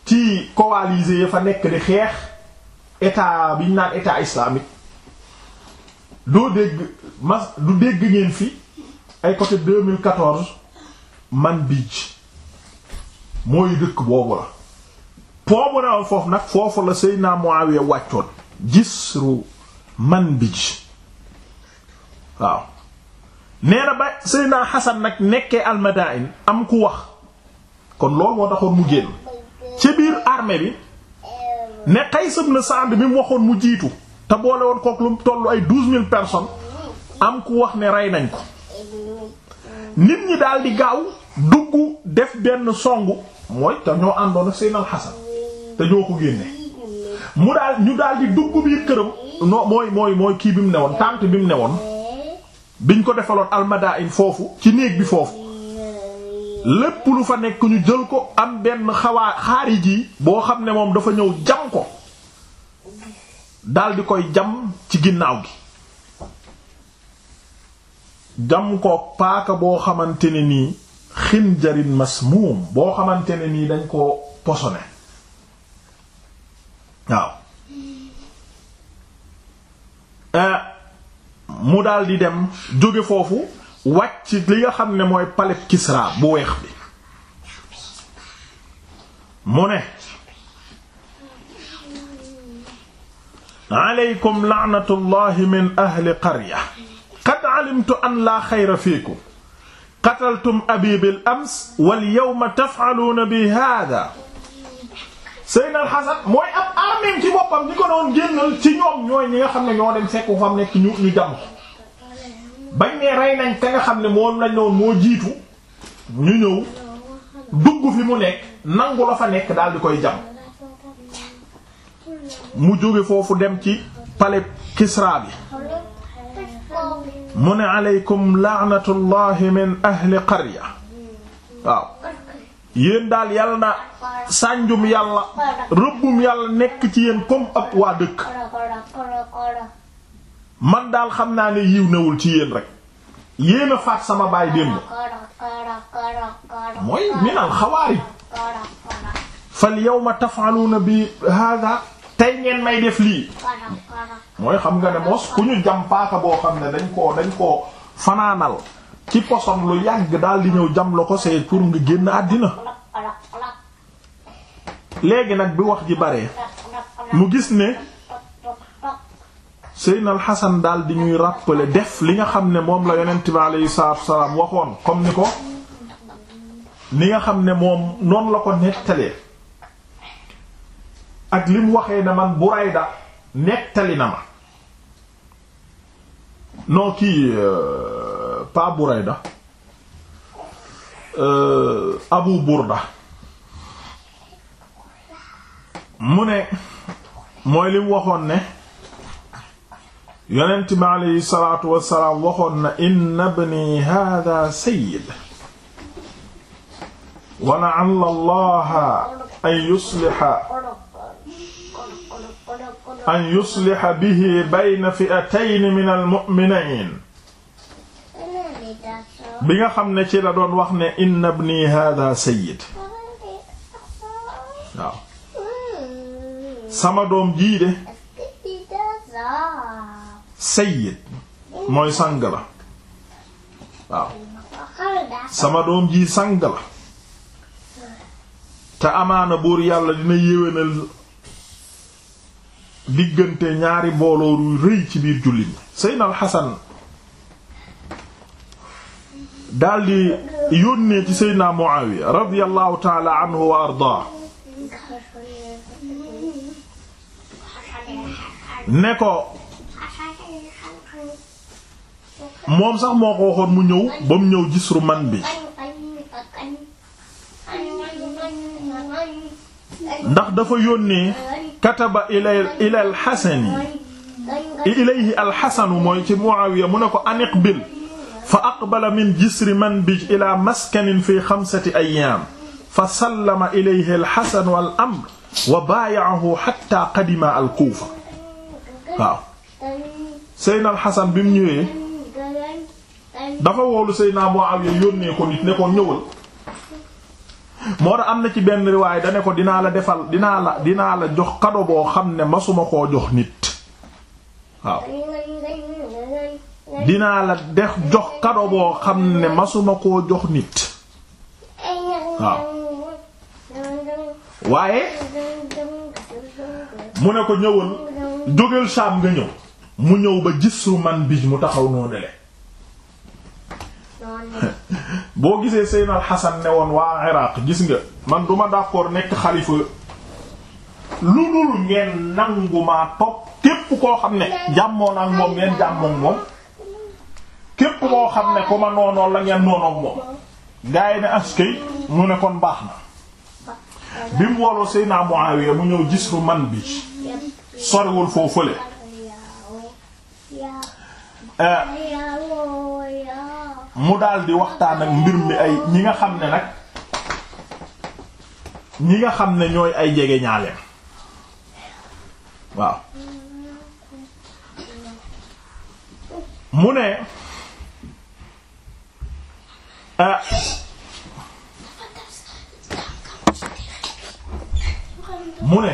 ci coalisés yi fa nekk di xeex état bi ñu naan état islamique doo dégg mas du dégg ngeen fi ay côté 2014 man biij mooy dëkk boobu la boobu ne woon foofu nag foofu la Seydina Muawiya wàccoon jisru man biij waaw nee na ba Seydina Hasan nag nekkee almadain am ku wax kon loolu moo taxoon mu génn ci biir armée bi ne Qays ibn Sa'd bi mu waxoon mu jiitu te boole woon kook lu tollu ay douze mille am ku wax ne rey nañ ko nit ñi daal di gaaw dugg def benn songu mooy te ñoo àndoon ak Seynal Xasan te ñoo ko génne mu daal ñu daldi dugg biir këram no mooy mooy kii bi mu newoon tànt bi mu newoon biñ ko defaloon almadain foofu ci néeg bi foofu lépp lu fa nekk ñu jël ko am benn xawaa xaarij yi boo xam ne moom dafa ñëw jam ko daldi koy jam ci ginnaaw gi jam ko paaka boo xamante ne nii xinjarin masmuum boo xamante ne nii dañ ko posone waaw eh, mu daal di dem jóge foofu wàcc li nga xam ne mooy palais Kisra bu weex bi mu ne aleykum laanatullahi min ahli qarya qad alimtu an laa xayra fiikum qataltum abi bil ams wal yawma taf'aluuna bi haadaa Seydina Al Hasan mooy ab armée ci boppam ñi ko doon génnal ci ñoom ñooy ñi nga xam ne ñoo dem fekku fam nekk ñu ñu jam bañ ne rey nañ te xam ne moom lañ noonu moo jiitu ñu ñëw dugg fi mu nekk nangu la fa nekk daal di koy jam mu jóge foofu dem ci palais Kisra bi mu ne aleykum laanatullahi min ahli qarya waaw daal yàlla na sànjum yàlla rëbbum yàlla nekk ci yéen comme ab waa dëkk man daal xam naa ne yiw nawul ci yéen rek yéen a faat sama baay démb mooy minal xawaari fal yawma taf'aluna bi hadha tey ngeen may def lii mooy xam nga ne mos ku ñu jam paaka boo xam ne dañ koo dañ koo fanaanal ci poson lu yàgg daal di ñëw jam la ko c'est pour nga génn àddina léegi nag bi wax ji bare mu gis ne Seynal Xasan daal di ñuy rappeler def li nga xam ne moom la yonent bi aleyhi salaatu wasalaam waxoon comme ni ko ni nga xam ne moom noonu la ko nettalee ak li mu waxee ne man Burayda nettali na ma non kii euh, pa Burayda euh, Abu Burda mu ne mooy li mu waxoon ne yonent bi aleyhi salaatu wassalaam waxoon na inna ibni hada sayyid wa la'alla Allaha an yusliha an yusliha bihi bayna fi'atayn min al bi nga xam ne ci la doon wax ne inna ibni hada sayyid sama doom jii de sayyid mooy sang sama doom ji sang la amaana buur yàlla dina yéwénal diggante ñaari mboolooru rëy biir jullit ñi seydna alxasan daldi yónnee ci seydna muawiya radiyallahu taala anhu wa ardaa ne ko moom sax moo ko waxoon mu ñëw ba mu ñëw gisru man bi ndax dafa yónnee kataba ilay ila alxasani ilayhi alxasanu mooy ci Muawiya mu ne ko aniqbil fa aqbala min jisri manbij ila maskanin fi xamsati ayyaam fa sallama ilayhi alxasan wal amr wa baaya'ahu hatta qadima alkuufa waaw Seydina alxasan bi mu ñëwee dafa woolu Seydina Muawiya yónnee ko ne ko ñëwal moo tax am na ci benn riwaay da ne ko dinaa la defal dinaa la dinaa la jox kado boo xam ne masuma koo jox nit waaw la def jox kado boo xam ne masuma koo jox nit waaye mu ne ko ñëwal jógal Saam nga ñëw mu ñëw ba gis su man bij mu taxaw noonu le boo gisee Seydina Alxasan ne woon waa Iraq gis nga man duma d'accord nekk xalifa lu dul ngeen nangu maa topp képp koo xam ne jàmmoon ak moom ngeen jàmmoon moom képp koo xam ne ku ma noonoon la ngeen noonoon moom gaa ne askay mu ne kon baax na bi mu wooloo Seydina Muawiya mu ñëw gis man bi soriwul foofu fële mu daal waxtaan ak mbir mi ay ñi nga xam ne nag ñi nga xam ne ñooy ay jege ñaaleem waaw mu ne ah mu ne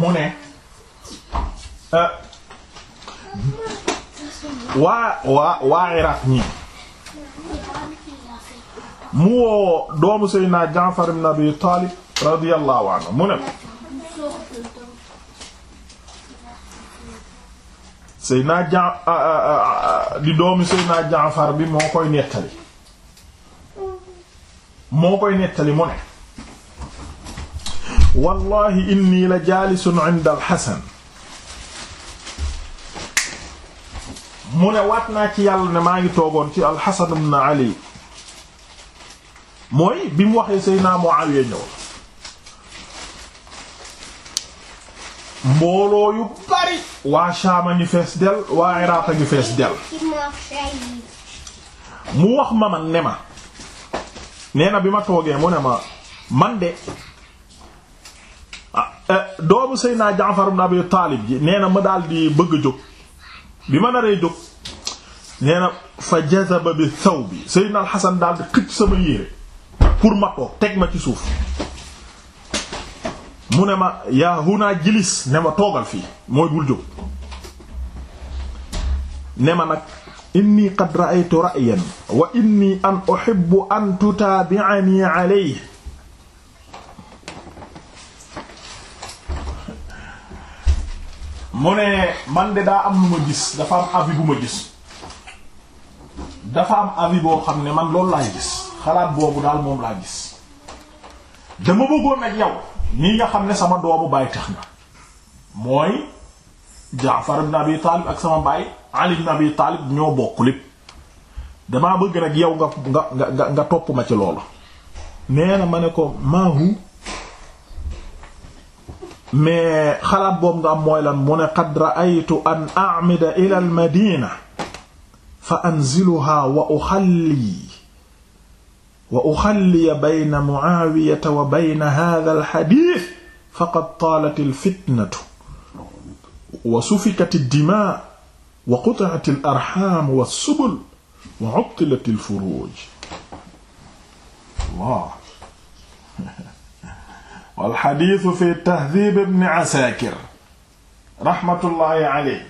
mu ne ah waa waa waa Iraq ñii mu woo doomu Seydina Jaafar ibn Abi Taalib radiyallahu anhu mu ne Seydina Ja di doomu Seydina Jaafar bi moo koy nettali moo koy nettali mu ne wallahi inni la jaalisun inda al-Hasan mu ne waat naa ci yàlla ne maa ngi toogoon ci alxasan ibn ali mooy bi mu waxee Seydina Muawiya ñëw mbooloo yu bari waa Shaam ngi fees del waa Iraq ngi fees del mu wax ma man ne ma nee bi ma toogee mu ne ma man de ah, eh, doomu Seydina Jaafar ibn Abi Taalib ji nee na ma daal di bëgg jóg bi ma naree jóg nee na fa jazaba bi saw bi Seydina Al Hasan daal di xëcc sama yére pour ma toog teg ma ci suuf mu ne ma yaa huna jilis ne ma toogal fii mooy bul jóg ne ma nag inni qad ra'aytu ra'yan wa inni an uhibbu an tutaabi'ani alayhi mu ne man de daa am lu ma gis dafa am avis bu ma gis dafa am avi boo xam ne man loolu laay gis xalaat boobu daal moom laa gis dama bëggoon ak yow nii nga xam ne sama doomu baay tax na mooy Jaafar ibn Abi Taalib ak sama baay Ali ibn Abi Taalib ñoo bokk lépp damaa bëgg nag yow nga nga nga nga topp ma ci loolu nee na ma ne ko maahu mais xalaat boobu nga am mooy lan mu ne qad ra'aytu an a'mida ila al madina fa anziluha wa uxalli wa uxalli bayna mu'awiyata wa bayna hadha al hadith faqad taalat al fitnatu wa sufikat ad dimaa wa qut'at al arham wa subul wa uqtilat al furuj Allah walxadisu fi tahdib ibni asakir rahmatullahi aley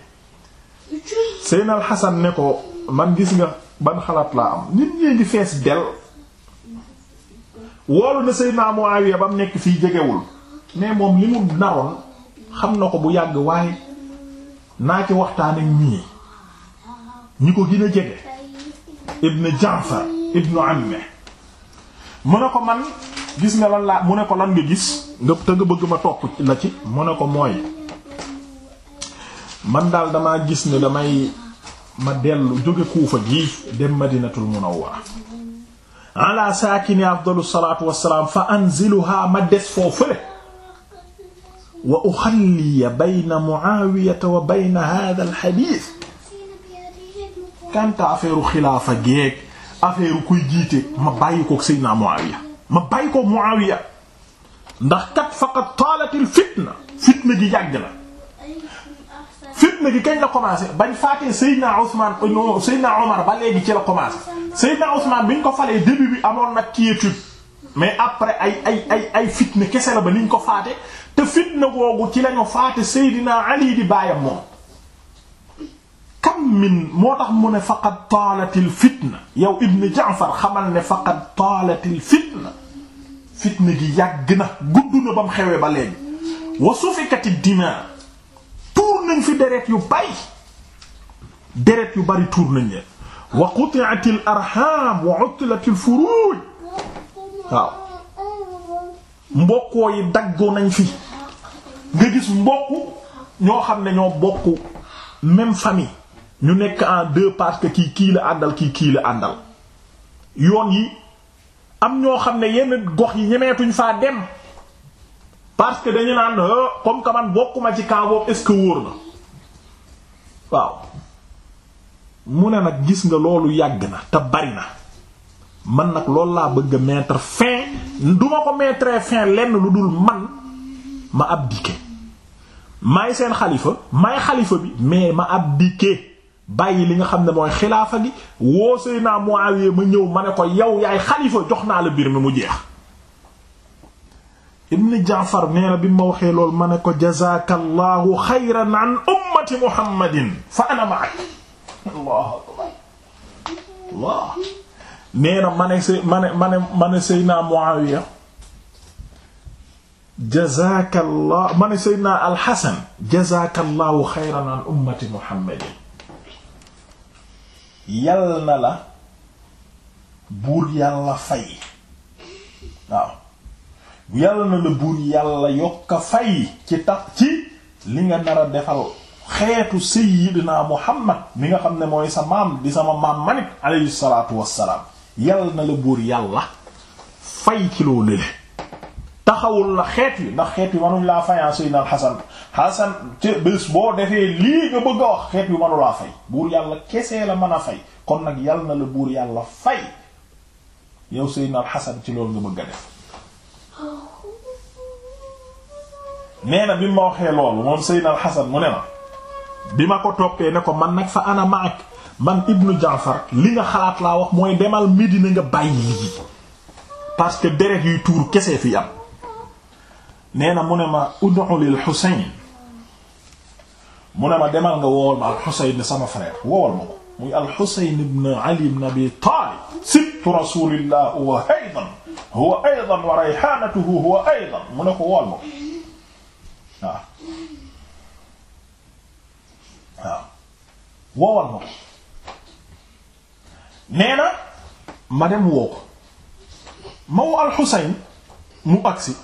seydna alxasan ne ko man gis nga ban xalaat laa am nit ñi di fees del woolu na seydna Muawiya ba mu nekk fii jegewul mais moom li mu naroon xam na ko bu yàgg waaye naa ci waxtaan ak ñii ñi ko gën jege ibn Jaafar ibnu amme mu ne ko man gis nga lan laa mu ne ko lan nga gis nga te nga bëgg ma topp la ci mu ne ko mooy man daal damaa gis ne damay ma dellu jóge kuufa gi dem madinatul munawwara ala saakini afdalu salaatu wassalaam fa anziluha ma des foofule wa wa bayna kuy jiite ma bàyyi ko sëy naa muawiya ma bàyyi ko Muawiya ndax kat faqat taalatil fitna fitna gi yàgg na fitna gi kañ la commencé bañ faatee Seydina Ousmane Seydina Omar ba léegi ci la commencé Seydina Ousmane biñ ko falee début bi amoon nag quiétude mais après ay ay ay ay fitna kese la ba niñ ko faate te fitna googu ci lañu faate Seydina Ali di baayam moom kam min moo tax mu ne faqad taalatil fitna yow ibn jaafar xamal ne faqad taalatil fitna fitna gi yàgg na gudd na ba xewe xewee ba léegi wa sufikati dima tuur nañ fi deret yu bari deret yu bari tuur nañ leen wa quti'atil arham wa utlatil furuj waaw mbokkoo yi daggoo nañ fi nga gis mbokk ñoo xam ne ñoo bokk même famille ñu nekk en deux parce que kii kii la àndal kii kii la àndal yoon yi am ñoo xam ne yenn gox yi ñemeetuñ faa dem parce que dañu naan comme que man bokkuma ci camp boobu est-ce que wóor na waaw mu ne nag gis nga loolu yàgg na te bari na man nag loolu laa bëgg a mettre fin du ma ko mettre fin lenn lu dul man ma abdiquer maay seen xalifa maay xalifa bi mais ma abdiquer bàyyi li nga xam ne mooy xilaafa gi woo Seydina Muawiya ma ñëw ma ne ko yow yaay xalifa jox naa la biir mi mu jeex ibn Jaafar nee na waxee lool ma ne ko jazaakallaahu xayran an ummati muhammadin fa ana ma'ak allahu allah nee na ma ne s ma ne ma ne ma ne Seydina Muawiya jazaakallah ma ne Seydina Alxasan jazaakallaahu xayran an yal na la buur yàlla fay waaw yal na la buur yàlla yokk a fay ci tax ci li nga nar a defal xeetu sayyidina muhammad mi nga xam ne mooy sa maam di sama maam manit alayhi salaatu wassalaam yal na la buur yàlla fay ci loo lële taxawul la xeet yi ndax xeet yi manuñ laa fay ah Seydina Xasan Xasan bis boo defee lii nga bëgg wax xeet yu manu laa buur yàlla kese la mën a fay kon nag yàlla na la buur yàlla fay yow Seydina Xasan ci loolu nga bëgg def. nee na bi ma waxee loolu moom Seydina Xasan mu ne ma bi ma ko toppee ne ko man nag fa ana maak man Ibnu Jaafar li nga xalaat laa wax mooy demal Medina nga bàyyi lii parce que deret yuy tuur kese fi am. nee na mu ne ma ud'u lil Husayn mu ne ma demal nga woowal ma al Husayn sama frère woowal ma ko muy al Husayn ibn Ali ibn Abi Talib sibtu rasulillah wa aydan huwa aydan wa rayhanatuhu huwa aydan mu ne ko woowal ma ko waaw waaw woowal ma ko nee na ma dem woo ko ma woo al Husayn mu agsi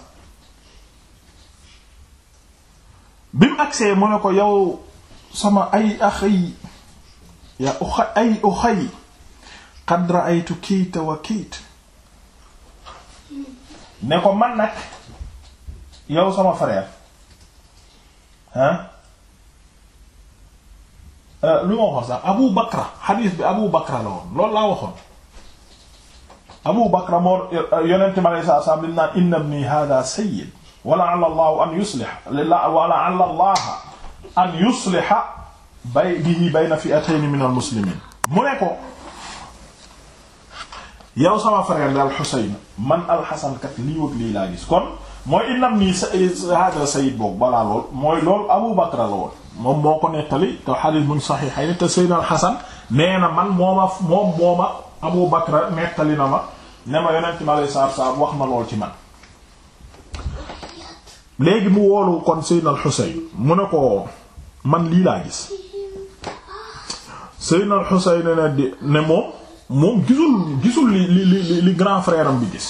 bi mu agsee mu ko yow sama ay axi yaa uxa ay uxay qad ra'aytu kiita wa kiit ne ko man nag yow sama frère ah lu ma waxoon sax Abu Bakra xadiis bi Abu Bakra la woon loolu laa waxoon Abu Bakra moo yonente mi aleyhi salaatu wa salaam li naan wala ala allah an yuslih wala ala allah an yusliha baynihi bayna fi'atayn min al muslimin mu ne ko yow sama frère daal Xuseyn man alxasan kat li wëg lii laa gis kon mooy inam nii hadra sayid boobu balaa lool mooy loolu Abu Bakr la woon ko nettali te xadis buñ saxiixa ni te Seydina alxasan nee na man mooma moom mooma Abu Bakr nettali na ma ne ma wax ma lool ci man léegi mu woolu kon Seydina al-Xuseyn mu ne ko man lii laa gis Seydina al-Xuseyn ne di ne moom moom gisul gisul li li li grand frère am bi gis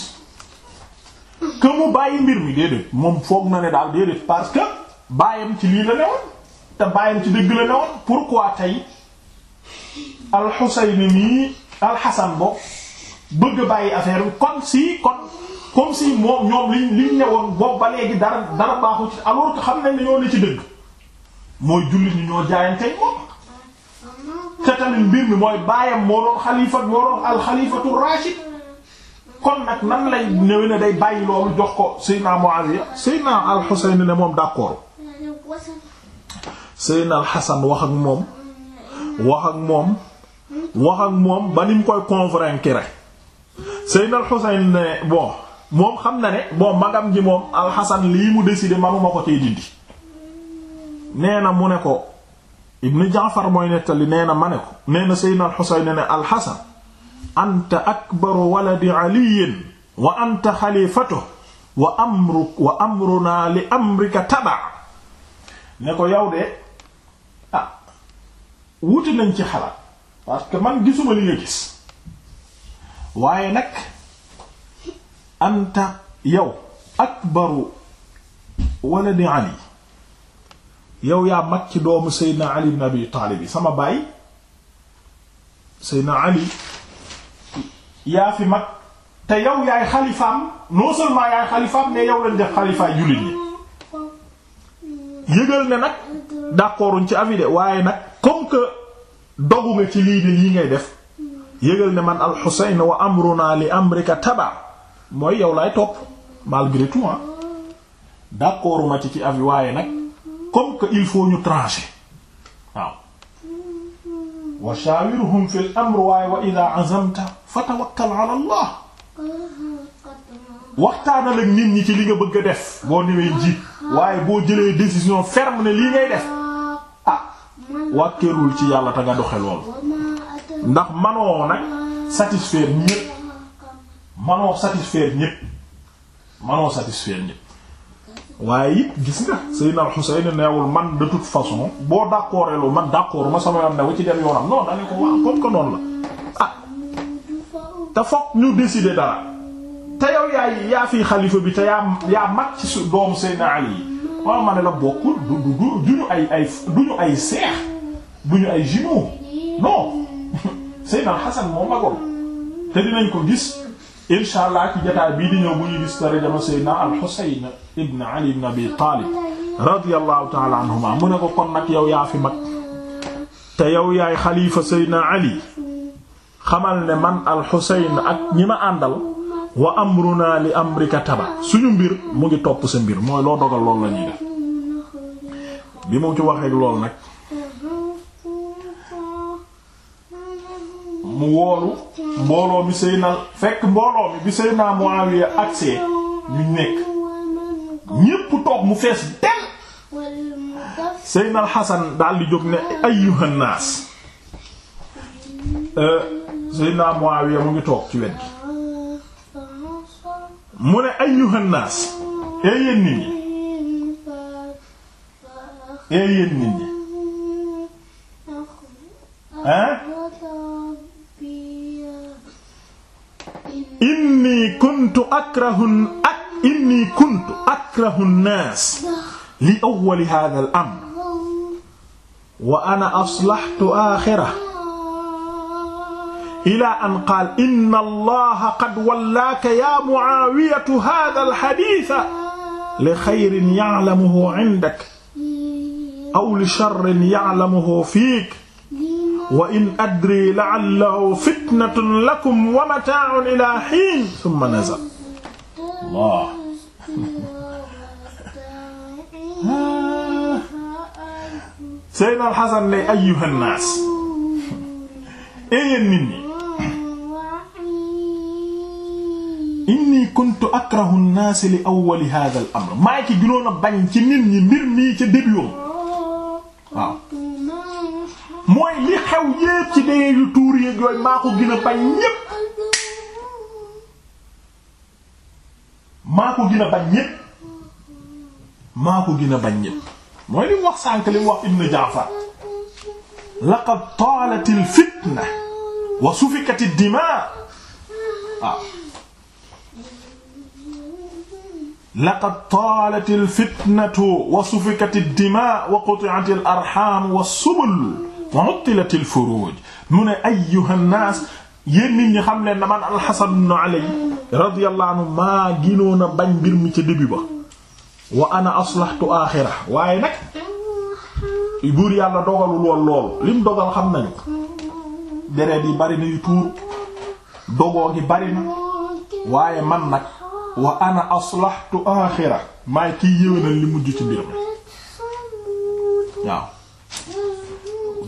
que mu bàyyi mbir mi déedéet moom foog na ne daal déedéet parce que bàyyam ci lii la newoon te bàyyam ci dëgg la pour pourquoi tey al-Xuseyn nii al-Xasan bo bëgg bàyyi affaire bi kon si kon comme si moom ñoom liñ liñ ne woon boobu ba léegi dara dara baaxu ci alors que xam nañ ne ñoo ne ci dëgg mooy jullit ñi ñoo jaayante moom. te mbir mi mooy baayam moo doon xalifa alxalifatu rashid nag nan lay day bàyyi loolu moom d'accord Seydina wax ak moom wax ak moom wax ak moom ba ni mu koy convaincre Seydina al-Husayn ne bon. moom xam na ne bon magam ji moom alxasan lii mu décidé manuma ko cee dindi na mu ne ko ibnu jaafar mooy nettali nee na ma ne ko nee na seydna alxusayn ne alxasan anta akbaru waladi aliyin wa anta xalifatu wa amru li amrika taba ne ko yow de ah, wuti nañ ci xalaat parce que man gisuma li nga gis waaye nag anta yow akbaru waladi ali yow yaa mag ci doomu seydna ali ibn abi taalib sama baay seydna ali yaa fi mag te yow yaay xalifaam non seulement yaay xalifaam mais yow lañ def xalifaay jullit ñi yëgal ne nag d'accorduñ ci avis de waaye nag comme que dogu nga ci lii de lii ngay def yëgal ne man al xusayn wa amruna li amrika taba mooy yow laay topp malgré tout ah d'accord ma ci ci avis waaye nag comme que il faut ñu trancher waaw wa shawirhum fil amr waaye wa idha azamta fatawakkal ala allah waxtaanal ak nit ñi ci li nga bëgg a def boo newee jiit waaye boo jëlee décision ferme ne lii ngay def ah wàkkeerul ci yàlla te nga doxe lool ndax manoo nag satisfaire ñépp manoo satisfaire ñépp manoo satisfaire ñépp waaye it gis nga Seydina al neewul man de toute façon boo d'accordeelu man d'accord ma sama yoon newu ci dem yoonam non danga ko waaw comme que noonu la ah te fokk ñu décider dara te yow yaay yaa fi xalifa bi te yaa mag ci doomu Seydina Ali yi waaw ma ne la bokkul du du duñu ay ay duñu ay seex duñu ay jumeaux non Seydina Hasan moo magoon te dinañ ko gis insha allah bii di ñëw bu ñu gis tarjama sayyidina al-Husayn ibn Ali ibn Abi Talib radiyallahu ta'ala anhuma mu ne ko kon nag yow yaa fi mag te yow yaay xalifa sayyidina Ali xamal ne man al-Husayn ak ñi ma àndal wa amruna li amrika taba suñu mbir mu ngi topp sa mbir mooy loo dogal loolu la def bi mu ci waxee lool nag mu woolu mbooloo mi sëy fekk mbooloo mi bi sëy naa Muawiya agsee ñu nekk ñépp toog mu fees del sëy na Hasan daal di jóg ne ayyuhan naas euh, sëy naa Muawiya mu ngi toog ci wet gi mu ne ayyuhan naas ee nit ñi ee nit ñi hein inni kuntu akrahu ak inni kuntu akrahu an-nas li awwal hadha al-amr wa ana aslahtu akhirahu ilaa an qaal inna allaha qad wallaaka yaa mucaawiyatu haadha alxadiisa li xayrin yaclamuhu cindak aw li charrin yaclamuhu fiik wa in adri la'allahu fitnatun lakum wa mataa'un ila hiin thumma nazal Allah Seydina Alxasan ne ayyuha nnaas yéen nit ñi inni kuntu akrahu nnaas li awwali haadha al amr maa ci gënoon a bañ ci nit ñi mbir mii ca début waaw mooy li xew yépp ci dee yu tuur yéeg yooyu maa ko gën a bañ ñépp maa ko gën a bañ ñépp maa ko gën a bañ ñépp mooy li wax sànk li wax Ibn Jaafar laqad taalat al fitna wa sufikat ad dimaa waaw laqad taalat al fitnatu wa sufikat ad dimaa wa quti'at al arham was subul uttilat al furuj mu ne ayyuha nnaas yéen xam leen na man alxasan ibn ali radiyallahu anhu maa ginoon bañ mbir mi ca début ba wa ana aslahtu axira waaye nag buur yàlla dogalul woon loolu lim dogal xam nañu deret yi bari na yu tuur dogoo gi bari waaye man nag wa ana aslahtu axira maay kiy yéwénal li mujj ci mbir mi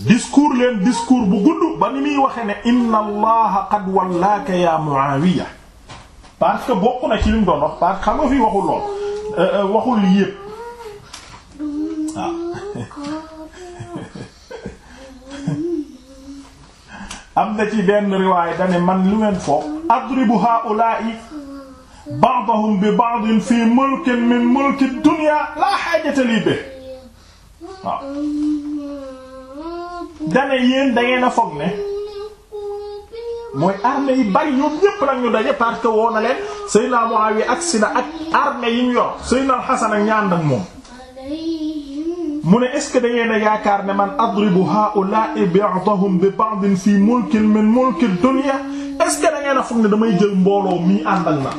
discours leen discours bu gudd ba ni muy waxee ne inna allaha qad wallaaka ya Muawiya parce que bokk na ci li mu doon wax parce que xam nga fii waxul lool euh, euh, waxul yépp waaw ah. am na ci benn riwaay man lu ngeen foog adribu haa'ulaa'i ba'dahum bi ba'din fii mulkin min mulki dunya laa haajata lii be dane yéen da ngeen a foog mooy armée yi bari ñoom ñépp nag ñu daje parce que woo na leen Seydina Muawiya ak Sina ak armée yi ñu yor Seydina Hasan ak ñaan ak moom mu ne est-ce que da man a yaakaar ne man adribu haa'ulaa'i ba'dahum bi ba'din fii mulkin min mulki dunya est-ce que da ngeen a ne damay jël mbooloo mii ànd ak na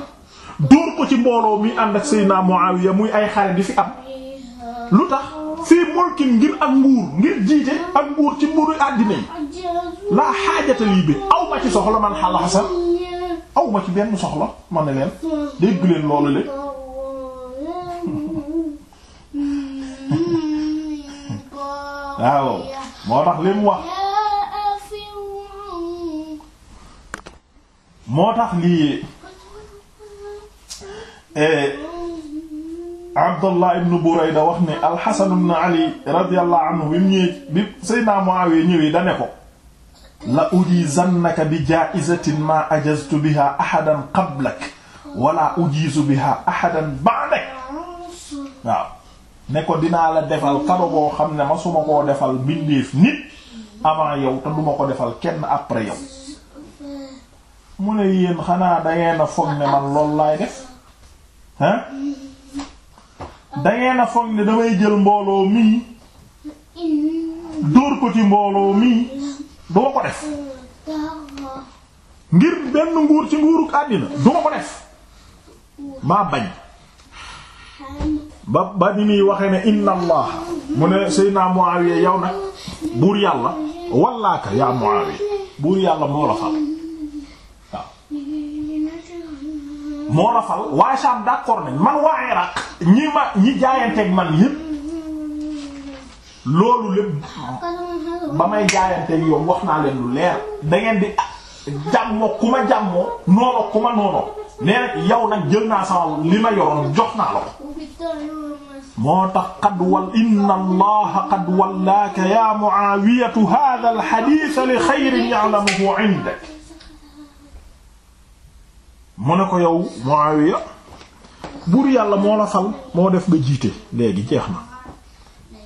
dóor ko ci mbooloo mii ànd ak Seydina Muawiya muy ay xare di fi am fii mulkin ngir ak nguur ngir jiite ak nguur ci nguuru àddina yi laa xaajata bi aw ma ci soxla man xal xasan aw ci benn soxla ma ne leen dégg leen loolu le waaw moo tax li mu Abdullah ibn Burayda wax ne al-Hasan ibn Ali radiyallahu anhu bi mu ñëwee bi Seydina Muawiya ñëwee da ne ko la ujizannaka bi ja'izatin ma ajaztu biha ahadan qablak wala ujizu biha ahadan ba'dak waaw ko dinaa la defal kado boo xam ne ma suma koo defal bindeef nit avant yow te duma ko defal kenn après yow mu ne yéen xanaa dangeen a foog ne man loolu laay def hein dangeen a foog ne damay jël mbooloo mii dóor ko ci mbooloo mii duma ko def ngir benn nguur ci nguuruk àddina duma ko def maa bañ ba ba ni muy waxee ne inna allah mu ne Seydina Muawiya yow nag buur yàlla wallaaka yaa Muawiya buur yàlla moo la fal moo la fal waa Sham d'accord nañ man waa Iraq ñi ma ñi jaayanteeg man yépp loolu lépp ba may jaayanteeg yow wax naa leen lu leer da ngeen ku ma jàmmoo noonoo ku ma noonoo nee nag yow nag jël naa sama li ma yoroon jox naa la ko moo tax qad wal inna allaha qad wallaaka ya muawiyatu hadha al hadith li khayrin ya'lamuhu 'indak mu ne ko yow moo Muawiya buur yàlla moo la fal moo def nga jiite léegi jeex na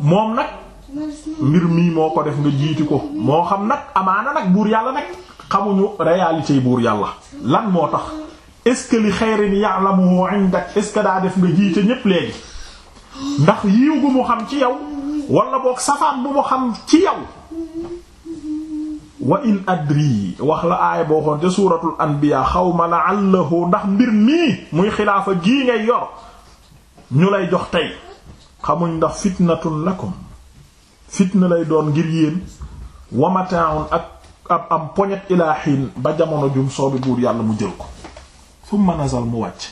moom nag mbir mii moo ko def nga jiiti ko moo xam nag amaana nag buur yàlla nag xamuñu réalité yi buur yàlla lan moo tax est-ce que li xayrin ya'lamuhu 'indak est-ce que daa def nga jiite ñépp léegi ndax yiw gu mu xam ci yow wala boog safaan bu mu xam ci yow wa in adri wax la aaya boo xoon suuratul anbiya xawma la allahu ndax mbir mii muy xilaafa gii ngay yor ñu lay jox tey xamuñ ndax fitnatun lakum fitna lay doon ngir yéen wa mata'un ak ab poñet ilaa ba jamono jum soobi buur yàlla mu jël ko thumma nazal mu wàcc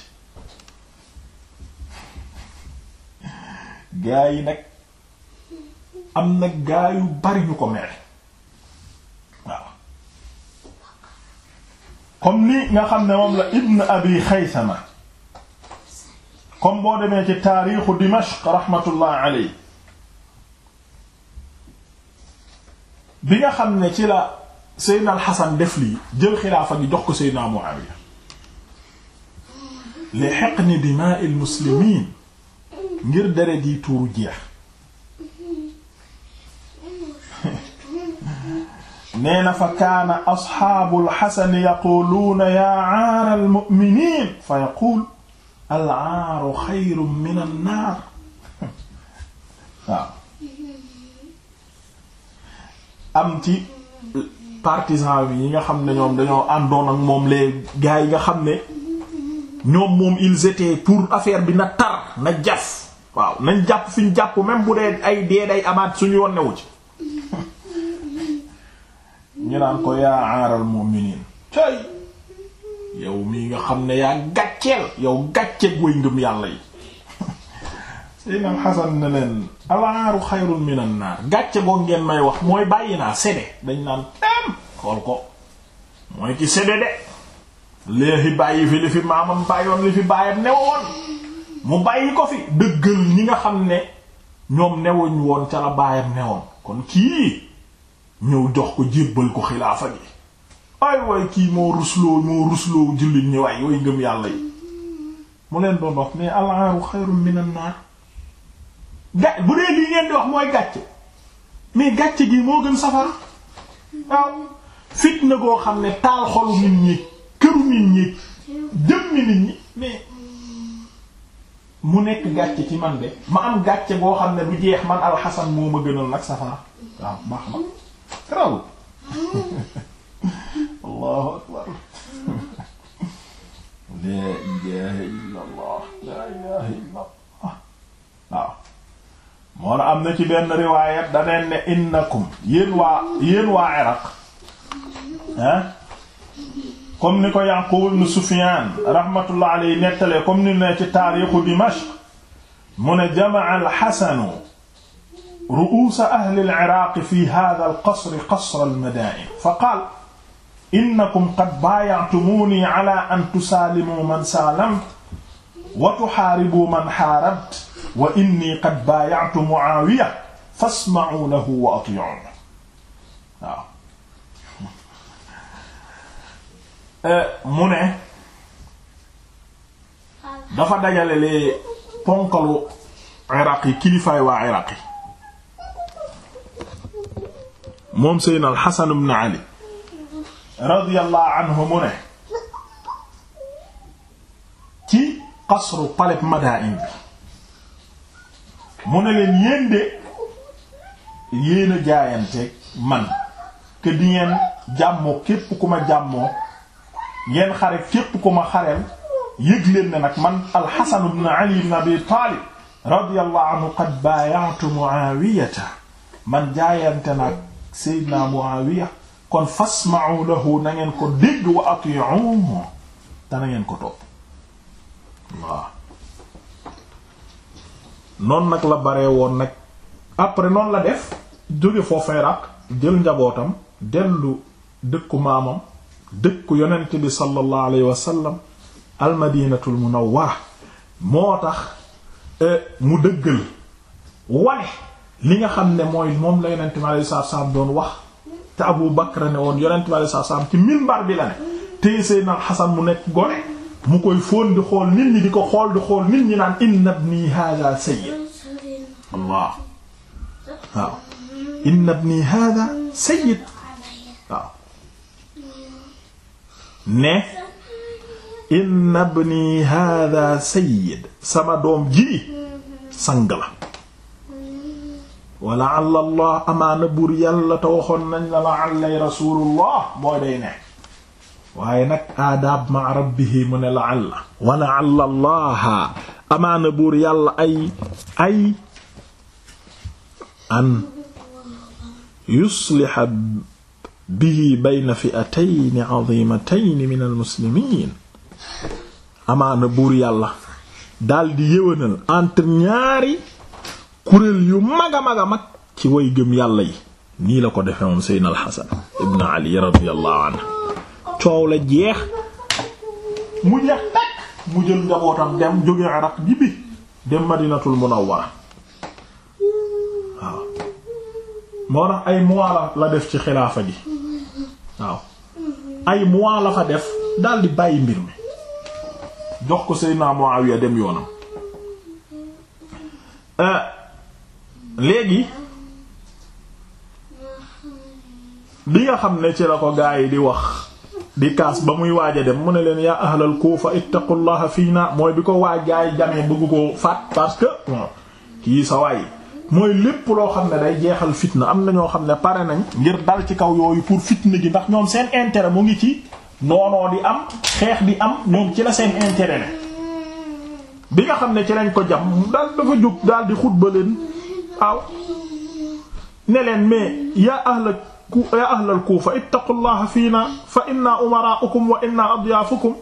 gaa yi nag am na gaa yu bari ñu ko mere comme ni nga xam ne moom la Ibn Abi Xaysama comme boo demee ci taarixu Dimashq rahmatullah aley bi nga xam ne ci la Seydina Al Xasan def lii jël xilaafa gi jox ko Seydina Muawiya li hiqni dimaa al muslimiin ngir deret yi tuur jeex nee na fa kaana asxaabu alxasani yaquluuna yaa aara almuminin fa yaquul alaaru xayru min annaar am ci partisan yi nga xam ne ñoom dañoo àndoon ak moom les gars yi nga xam ne ñoom moom ils étaient pour affaire bi na tar na jaf waaw nañ jàpp fi ñu jàpp même bu dee ay dee day amaat suñu yoon newu ci ñu naan ko yaa aaral mu'miniin tey yow mii nga xam ne yaa gàcceel yow gàcceeg way ngëm yàlla yi Seydina Hasan ne leen alaaru xayrun minan naar gàcce boo ngeen may wax mooy bàyyi naa sede dañ naan tam xool ko mooy ki sede de léegi bàyyi fi li fi maamam bàyyoon li fi bàyyam newoon mu bàyyi ko fi dëggal ñi nga xam ne ñoom newuñ woon ca la bàyyam newoon kon kii ñëw jox ko jébbal ko xilaafa gi ay way kii moo rusloo moo rusloo jullit ñi waay way ngëm yàlla yi mu leen doon wax mais al'aaru xayrun minan naar ga bu dee lii ngeen di wax mooy gàcce mais gàcce gii moo gën safara waaw fitna goo xam ne taal xol nit ñi këru nit ñi jëmmi nit ñi mais mu nekk gàcce ci man de ma am gàcce boo xam ne du jeex man alxasan moo ma gënal nag safara waaw baax ma xeral allahu akbar laa ilaaha illallah laa ilaaha illallah waaw moo na am na ci benn riwaayat daneen ne innakum yéen waa yéen waa iraq ah comme ni ko Yaqub ibn Sufyan rahmatullah alayhi nettalee comme ni ne ci taarixu Dimashq mu ne jamaa al-Hasan ru'uusa ahli al-Iraaq fi haadha al-qasri qasra al-madaa'in fa qaala innakum qad baaya'tumuunii alaa an tusaalimuu man saalamtu wa tuhaaribuu man haarabtu wa innii qad baaya'tu Mu'aawiya fasma'uu lahu wa atii'uuhu waaw eh, mu ne dafa dajale lee ponkalu Iraaq yi kilifaay waa Iraaq yi moom seydna alxasan ibn ali radiyallahu anhu mu ne ci xasru palais Madain bi leen yéen de yéen man que di ngeen jàmmoo ku ma jàmmoo ngeen xare képp ku ma xareel yëg leen ne nag man alxasan ibn ali ibn abi taalib radiyallahu anhu qad baaya'tu muawiyata man jaayante nag Seydina Muawiya kon fasma'u lahu na ko dégg wa ati'uhu te na ko topp waaw noonu nag la bare woon nag après noonu la def jóge foofu Irak jël njabootam dellu dëkku maamam dëkku yonent bi sallallahu alayhi wa almadinatul munawwara moo tax eh, mu dëggal wale li nga xam ne mooy moom la yonent bi alayhi salaatu salaam doon wax te Abu Bakr ne woon yonent bi alayhi salaatu salaam ci minbar bi la ne tey Seydina mu nekk gone mu koy fóon di xool nit ñi di ko xool di xool nit ñi naan inna ibni haaza sayyid Allah waaw inna ibni sama doom ji sang wala amaana buur yàlla te nañ la la allay rasulullah boo day ne waaye nag ma rabbihi mu ne la alla buur yàlla ay ay an yusliha bihi bayna fi'atayn 'azimatayn min almuslimin amaana buur yàlla daldi yéwénal entre kuréel yu mag a mag ci way gëm yàlla yi nii la ko defe moom seydna alxasan ibn ali radiyallahu anhu coow la jeex mu jeex takk mu jël njabootam dem jóge iraq ji bi dem madinatul munawwara waaw moo tax ay mois la def ci xilaafa ji waaw ay mois fa def daldi bàyyi mbir mi jox ko seydna muawiya dem yoonam eh, léegi bi nga xam ne ci la ko gaa yi di wax di kaas ba muy waaja a dem mu ne leen yaa ahlal kuufa ittaqullaha fii na mooy bi ko waa gaa yi jamee bëgg koo faat parce que kii sa waay mooy lépp loo xam ne day jeexal fitna am na ñoo xam ne pare nañ ngir dal ci kaw yooyu pour fitna gi ndax ñoom seen intérêt mu ngi ci noonoo di am xeex di am ñoom ci la seen intérêt ne bi nga xam ne ci lañ ko jam daal dafa jóg daal di xutba leen waaw ne leen mais yaa ahla yaa ahlal kuufa ittaqullaha fiina fa inna umaraa'ukum wa inna adyaafukum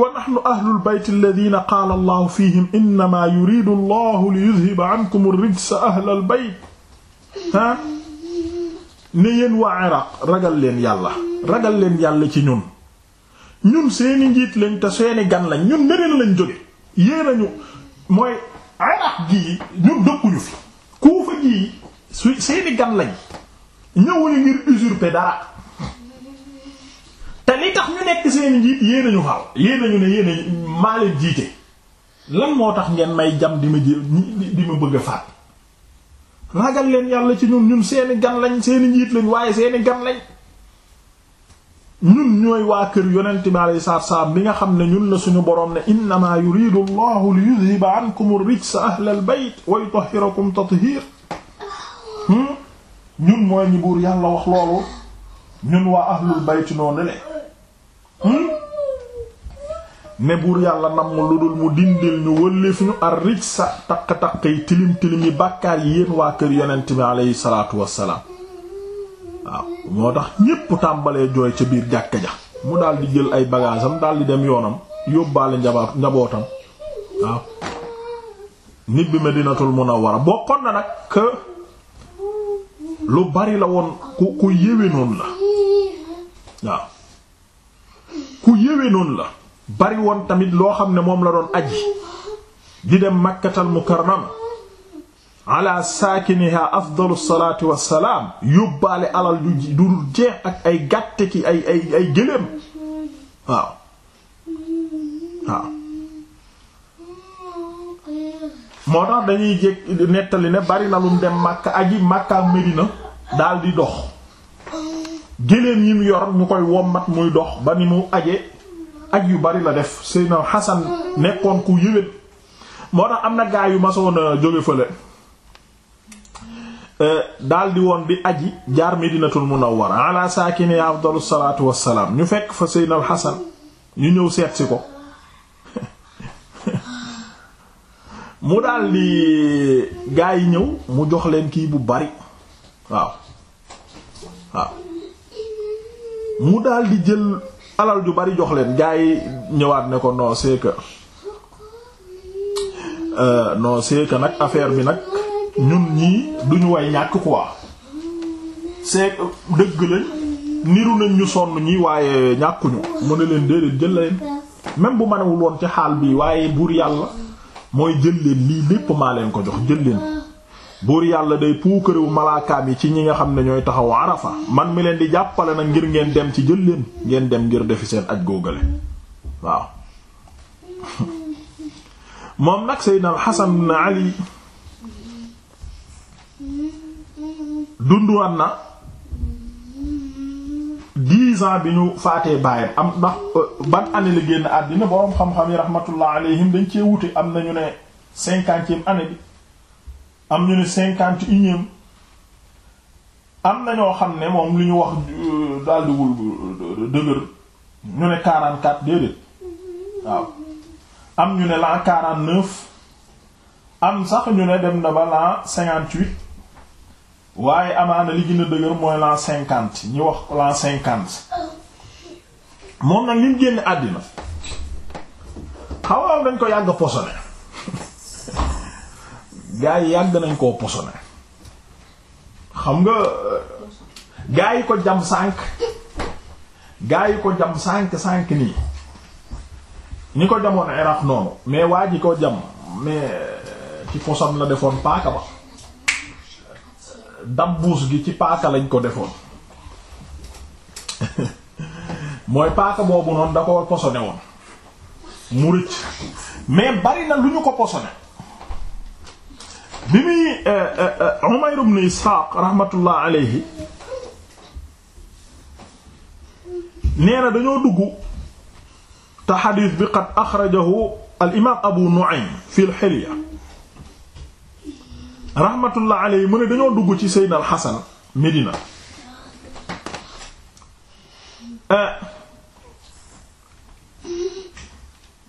wa nahnu ahlul bayti alladhiina qaala allahu fiihim innamaa yuriidu allahu ankum ar-rijsa ahlal ne yéen waa Iraq ragal leen yàlla ragal leen yàlla ci ñun ñun seeni njiit lañ ta seeni gan lañ ñun beneen lañ jóge yéen a ñu mooy Iraq gii ñun dëkkuñu fi Kuufa gii su seeni gan lañ ñëwuñu ngir usurper dara te li tax ñu nekk seeni njiit yéen ñu xaw yéen ñu ne yéen maa leen jiite lan moo tax ngeen may jam di ma ji di ma bëgg a faat ragal leen yàlla ci ñun ñun seeni gan lañ seeni njiit lañ waaye seeni gan lañ ñun ñooy waa kër yonent bi alayhi salaatu bi nga xam ne ñun la suñu boroom ne innamaa yuridu allahu li yudhiba ankum ar-rijsa ahlal bayt wa yutahhirakum tathiir hmm? ñun mooy ñi buur yàlla wax loolu ñun waa ahlul bayt noonu le hmm? ne buur yàlla nam lu dul mu dindil ñu wëlleef ñu ar-rijsa taq-taq tilim tilim yi bàkkaar yi waa kër yonent bi alayhi salaatu wassalaam waaw moo tax ñépp tàmbalee jooy ca biir jàkka ja mu daal di jël ay bagaasam daal di dem yoonam yóbbaale njabaat njabootam waaw a Madinatul Munawwara bokkoon na nag que lu bari la woon ku ku yéwénoon la waaw ku yéwénoon la bari woon tamit loo xam ne moom la doon aji di dem Makkatal Mukarram ala saakiniha afdalu salaatu wassalaam yóbbaale alal ki ay ay ay gëléem waaw moo tax dañuy jég nettali ne bari na lum dem màkk aji Makka Medina daal di dox gëléem yi mu yor ñu koy wommat muy dox ba ni mu aje aj yu bari la def Seydina Hasan nekkoon ku yëwét moo tax am na gaa yu masoon a jóge daldi woon di aji jaar Medinatul Munawwara ala saakini afdalu salaatu wassalaam ñu fekk fa Seydina al Hasan ñu ñëw seet ko mu daldi gaa yi ñëw mu jox leen kii bu bari waaw mu daldi jël alal ju bari jox leen gaa yi ñëwaat ne ko non c'est que euh, non nag affaire bi nag ñun ñii duñu way ñàkk quoi c'est dëgg lañ niru nañ ñu sonn ñi waaye ñàkkuñu mu ne leen déedéet jël leen même bu manewul woon ci xaal bi waaye buur yàlla mooy jël leen lii lépp maa leen ko jox jël leen buur yàlla day puukarewu malaakaam yi ci ñi nga xam ne ñooy taxaw Arafa man mi leen di jàppale na ngir ngeen dem ci jël leen ngeen dem ngir defi seen aj góogale waaw moom nag Seydina Al Hasan Ali dunduwaat na dix ans bi ñu faatee baayam am ndax euh, ban année la génn àddina boroom xam-xam yi rahmatullah alayhim dañ cee wute am na ñu ne année bi am ñu cinquante unième am na ñoo xam ne moom li ñu wax euh, daldi wul euh, dëgër ñu ne quarante quatre déedéet waaw am ñu ne l'an quarante neuf am sax ñu ne dem na ba cinquante huit waaye amaana li gën a dëgër mooy l'an cinquante ñi wax l'an cinquante moom nag lim génn àddina xaw am dañ ko yàgg posone gaa yi yàgg nañ koo posone xam nga gaa yi ko jam sànk gaa yi ko jam sànk sànk nii ñi ko jamoon Iraq noonu mais waa ji ko jam mais ci posam la defoon paaka ba dambuus gi ci paaka lañ ko defoon mooy paaka boobu noonu da ko posone woon mu rëcc mais bari na lu ñu ko posone bi muy euh, euh, euh, Umayr ibn Ishaq rahmatullah alayhi nee dañoo dugg te xadiis bi qad axrajahu al imaam Abu Nu'aym fi al-Hilya rahmatullah alayhi mu ne dañoo dugg ci Seydina al Medina eh,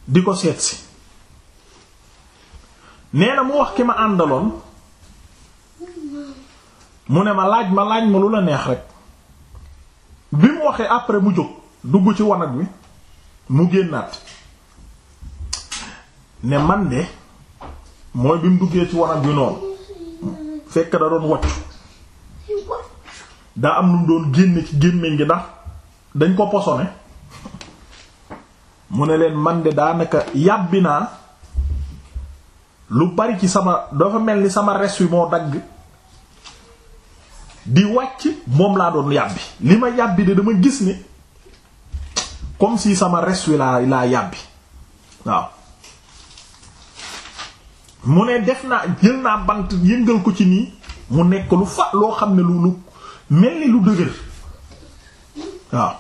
di ko seet si nee na mu wax ki ma àndaloon mu ne ma laaj ma laaj ma lu la neex rek bi mu waxee après mu jóg dugg ci wanag wi mu génnaat ne man de mooy bi mu duggee ci wanag wi noonu fekk da doon waccu daa am lu mu doon génne ci gémmiñ gi ndax dañ ko posone mu ne leen man de daanaka yàbbi naa lu bari ci sama dafa mel ni sama res wi moo dagg di wàcc moom laa doon yàbbi li ma yàbbi de dama gis ni comme si sama res wi laa laa yàbbi waaw mu ne def naa jël naa bant yëngal ko ci nii mu nekk lu fa loo xam ne lu lu mel ni lu dëgër waaw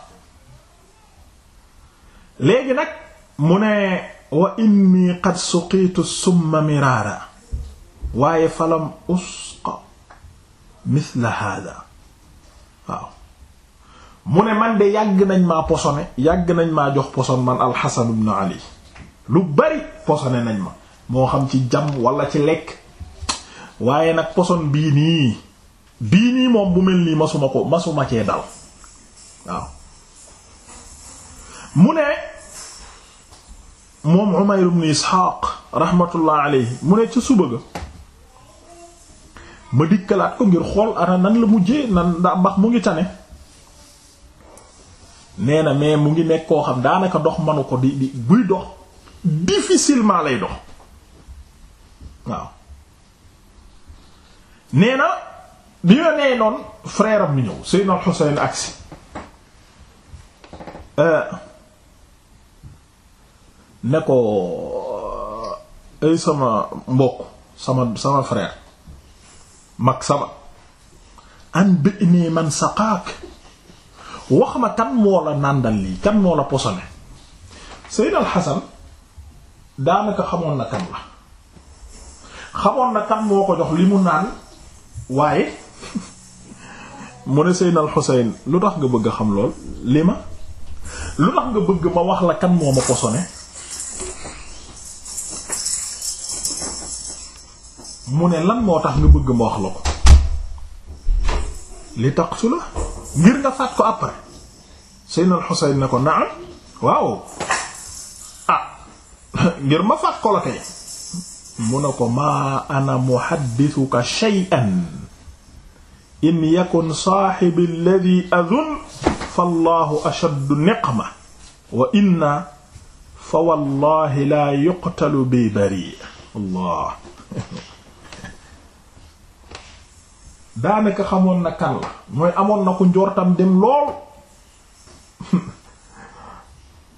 léegi nag mu ne wa inni qad suqitu summa miraara waaye falam usqa mithla hada waaw mu ne man de yàgg nañ maa posone yàgg nañ maa jox poson man alxasan ibn ali lu bari posone nañ ma moo xam ci jam walla ci lekk waaye nag poson bii nii bii nii moom bu mel nii masuma ko masuma cee dal waaw mu ne moom Umayr ibn Isxaaq rahmatullah alayhi mu ne ca suba ga ma dikkalaat ko ngir xool ana nan la mujjee nan ndax mbax mu ngi tane nee na mais mu ngi nekk koo xam daanaka dox manu ko di di buy dox difficilement lay dox waaw nee na bi ma nee noonu frère am ñëw Seydina Xuseyn agsi euh, ne ko ay euh, sama mbokk sama sama frère mag sama an bi nii man saqaak wax ma kan moo la nàndal lii kan moo la posone Seydina Xasan daanaka xamoon na kan la xamoon na kan moo ko jox li mu naan waaye mu ne Seydina Al-Husayn lu tax nga bëgg a xam lool li ma lu tax nga bëgg ma wax la kan moo ma ko mu ne lan moo tax nga bëgg ma wax la ko li tax su la ngir nga faat ko après Seydina al na ko naam waaw ah ngir ma faat ko la kay mu ne ko maa ana muhaddithuka shay'an in yakun saaxibi alladhi adun fallahu ashaddu niqma wa inna fa wallahi laa yuqtalu bi bari allah daanaka xamoon na kan la mooy amoon na ku njortam dem lool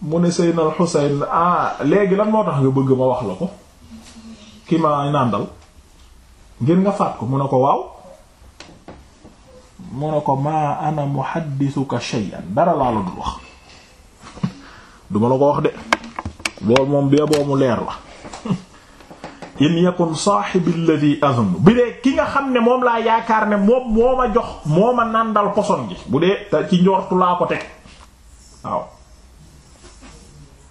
mu ne Seydina al Xuseyn ah léegi lan moo tax nga bëgg ma wax la ko ki ma nàndal ngir nga faat ko mu ne ko waaw mu ne ko maa ana muhaddisuka shay'an dara laa la dul wax duma la ko wax de loolu moom bee boobu leer la in yakun saaxibi alladhi azum bi dee ki nga xam ne moom laa yaakaar ne moom moo ma jox moo ma nàndal poson gi bu dee te ci njortu laa ko teg waaw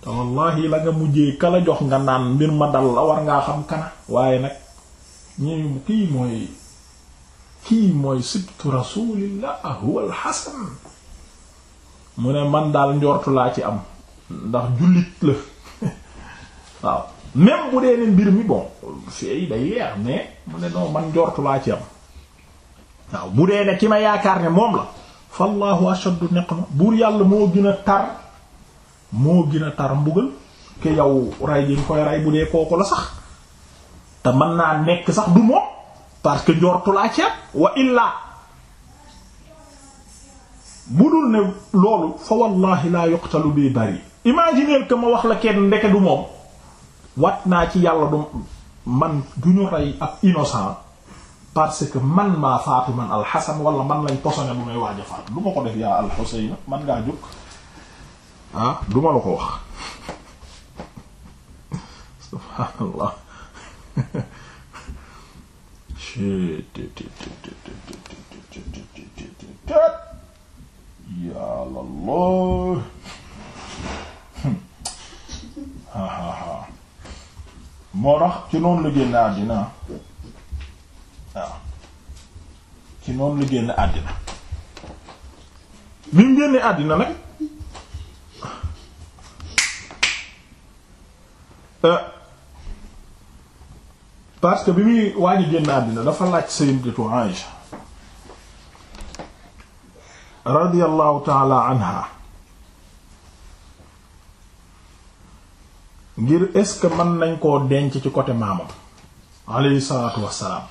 te wallahi la nga mujjee kala jox nga naan mbir ma dal la war ngaa xam kana waaye nag ñu kii mooy kii mooy sibtu rasulillah huwa alxasan mu ne man daal njortu laa ci am ndax jullit la waaw même bu dee ne mbir mi bon fii day yeex mais mu ne non man njortu laa ci am waaw bu dee ne ki ma yaakaar ne moom la fallahu ashaddu niqma buur yàlla moo gën a tar moo gën tar mbugal ke yow ray gi nga koy ray bu dee kooku la sax te mën naa nekk sax du moom parce que njortu laa ceeb wa illaa bu dul ne loolu fa wallahi laa yuqtalu bi bari imaginer que ma wax la kenn ndeke du moom wat naa ci yàlla du man du ñu rey ak innocent parce que man maa faatu man alxasan wala man lañ posone bu may waaj a faatu du ma ko def yaa alxuseyna man ngaa jóg ah duma la ko wax subhaanallah yàlla loo ci noonu la génn àddina ah. ci noonu la génn àddina bi génne àddina nag parce que bi muy waaji génn àddina dafa laaj sayyidatu Aïsha radiyallahu taala anha ngir est-ce que mën nañ koo denc ci côté maamam alayhi salaatu wassalaam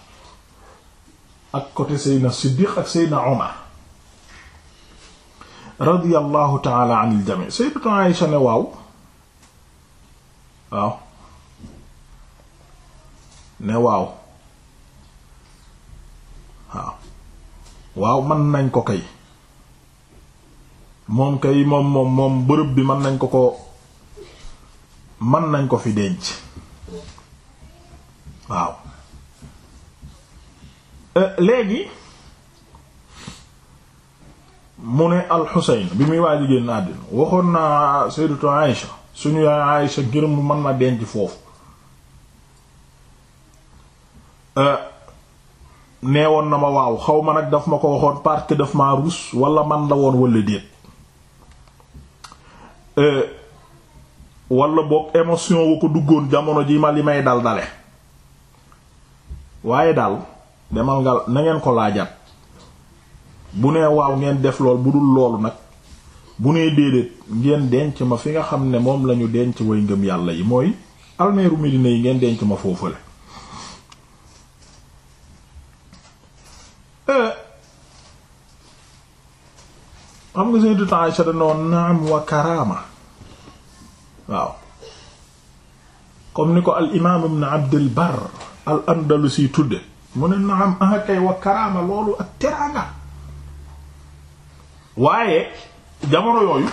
ak côté Seydina Siddiq ak Seydina Omar radiyallahu taala anil jami sayyidatu Aïsha ne waaw waaw ne waaw waaw waaw mën nañ ko kay moom kay moom moom moom bërëb bi mën nañ ko ko man nañ ko fi denc waaw euh, léegi mu ne alxusayn bi muy waaj a génn àddina waxoon naa sayyidatu Aïsha suñu yaay Aïsha ngir mu man na denc foofu Euh, neewoon na ma waaw xaw ma nag daf ma ko waxoon parce que daf maa ruus wala man la woon wala déet euh, wala boog émotion wu ko duggoon jamono ji ma li may dal dale waaye daal demal nga na ngeen ko laajaat bu nee waaw ngeen def lool bu dul loolu nag bu nee déedéet ngeen denc ma fi nga xam ne moom lañu denc way ngëm yàlla yi mooy almeeru Medina yi ngeen denc ma foofale xam nga sayyidatu Aisha dana woon naam wa karaama waaw comme ni ko al imaam ibn Abdul Barr al Andalusi tudde mu ne naam ah wa karaama loolu ak teraanga waaye jamono yooyu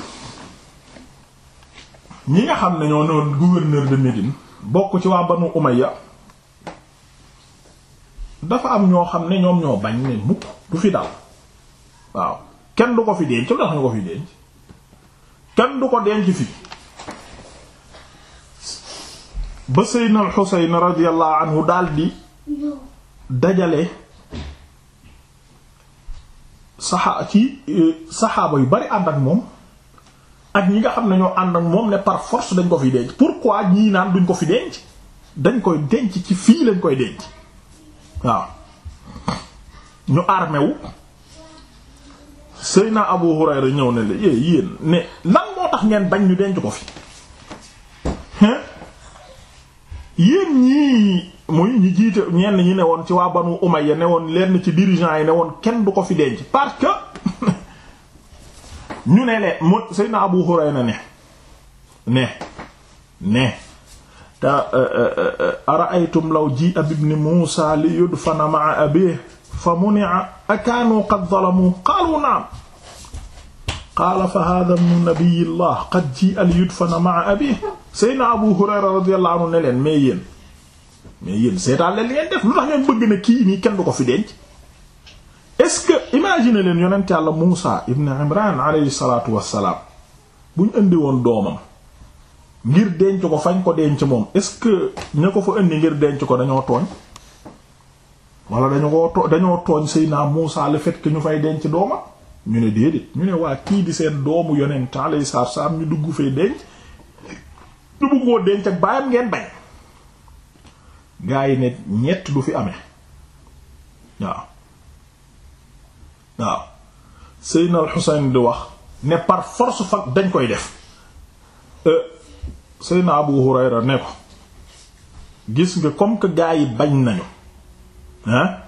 ñi nga xam ne ñoo noon gouverneur de Médine bokk ci waa Banu Umayya dafa am ñoo xam ne ñoom ñoo bañ ne mukk du fi dal waaw kenn du ko fi denc ndax nga ko fi denc kenn du ko denc fi ba seydna al xuseyn radiallahu anhu daldi dajale saxaa ci e, saxaaba yu bari ànd ak moom ak ñi nga xam ne ñoo ànd ak moom ne par force dañ ko fi denc pourquoi ñii naan duñ ko fi denc dañ koy denc ci fii lañ koy denc waaw ñu armé Seyna Abu Hurayra ñëw ne la eh, moo tax ngeen bañ ñu denc ko fi yéen ñii muy ñi jiite ñenn ñi ne woon ci waa Banu Umayya ne woon lenn ci dirigeants yi ne woon kenn du ko fi denc parce que ñu ne leen mu Seyna Abu Hurayra ne ne ne ta eh, eh, ara'aytum law ji'a ibn Musa li yudfana ma'a abihi fa muni'a akaanu qad zalamu qaalu na'am qaala fa hada ibnu nabiyillah qad ji'a li yudfana ma'a abihi seydna abu hurayra radiyallahu anhu ne leen mais yéen mais yéen seetaan leen li ngeen def lu tax ngeen bëgg na kii nii kenn du ko fi denc est-ce que imagine leen yonent yàlla Muusa ibn Imran alayhi salaatu wassalaam bu ñu indi woon doomam ngir denc ko fañ ko denc moom est-ce que ña ko fa indi ngir denc ko dañoo tooñ wala dañu ko to dañoo tooñ Seydina Muusa le fait ñu fay denc dooma ñu ne déedéet ñu ne waa kii di seen doomu yonent alayhi salaatu salaam ñu dugg fay denc ñu bëgg koo denc ak baayam ngeen bañ gaa yi ne ñett du fi amee waaw waaw Seydina al di wax ne par force fa dañ koy def euh, Seydina Abu Hurayra ne ko gis nga comme que gaa yi bañ nañu ah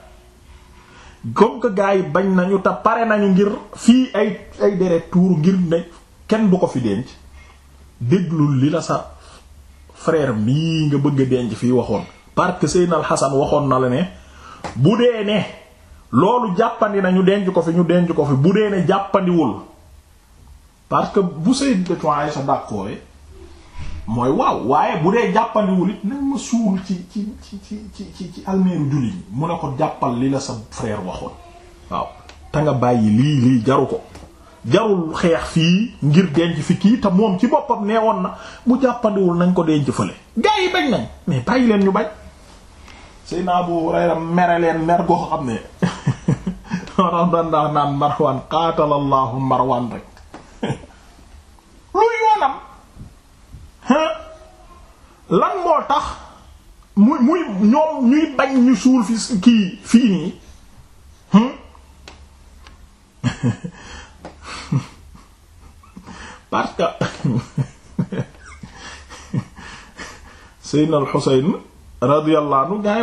comme que yi bañ nañu te pare nañu ngir fii ay ay deret tuur ngir ne kenn du ko fi denc déglul li la sa frère mii nga bëgg denc fii waxoon parce que Seynal waxoon na la ne bu dee ne loolu jàppandi na ñu denc ko fi ñu denc ko fi bu dee ne jàppandiwul parce que bu Sayyidatu Aisha dàqoore mooy waaw waaye bu dee jàppandiwul it nag ma suul ci ci ci ci ci ci almeeru jullit mu ne ko jàppal li la sa frère waxoon waaw te nga bàyyi lii lii jaru ko jarul xeex fii ngir denc fi kii te moom ci boppam nee na mu jàppandiwul nañ ko denc jëfale gaa yi bañ nañ mais bàyyi leen ñu bañ Seydina Abu Hurayra mere leen mer goo xam ne waram dandaa naan Marwan qaatalallahu Marwan rek lan moo tax muy muy ñoom ñuy bañ ñu suul fi kii fii nii hmm? parce que Seydina al Xuseyn gaa yi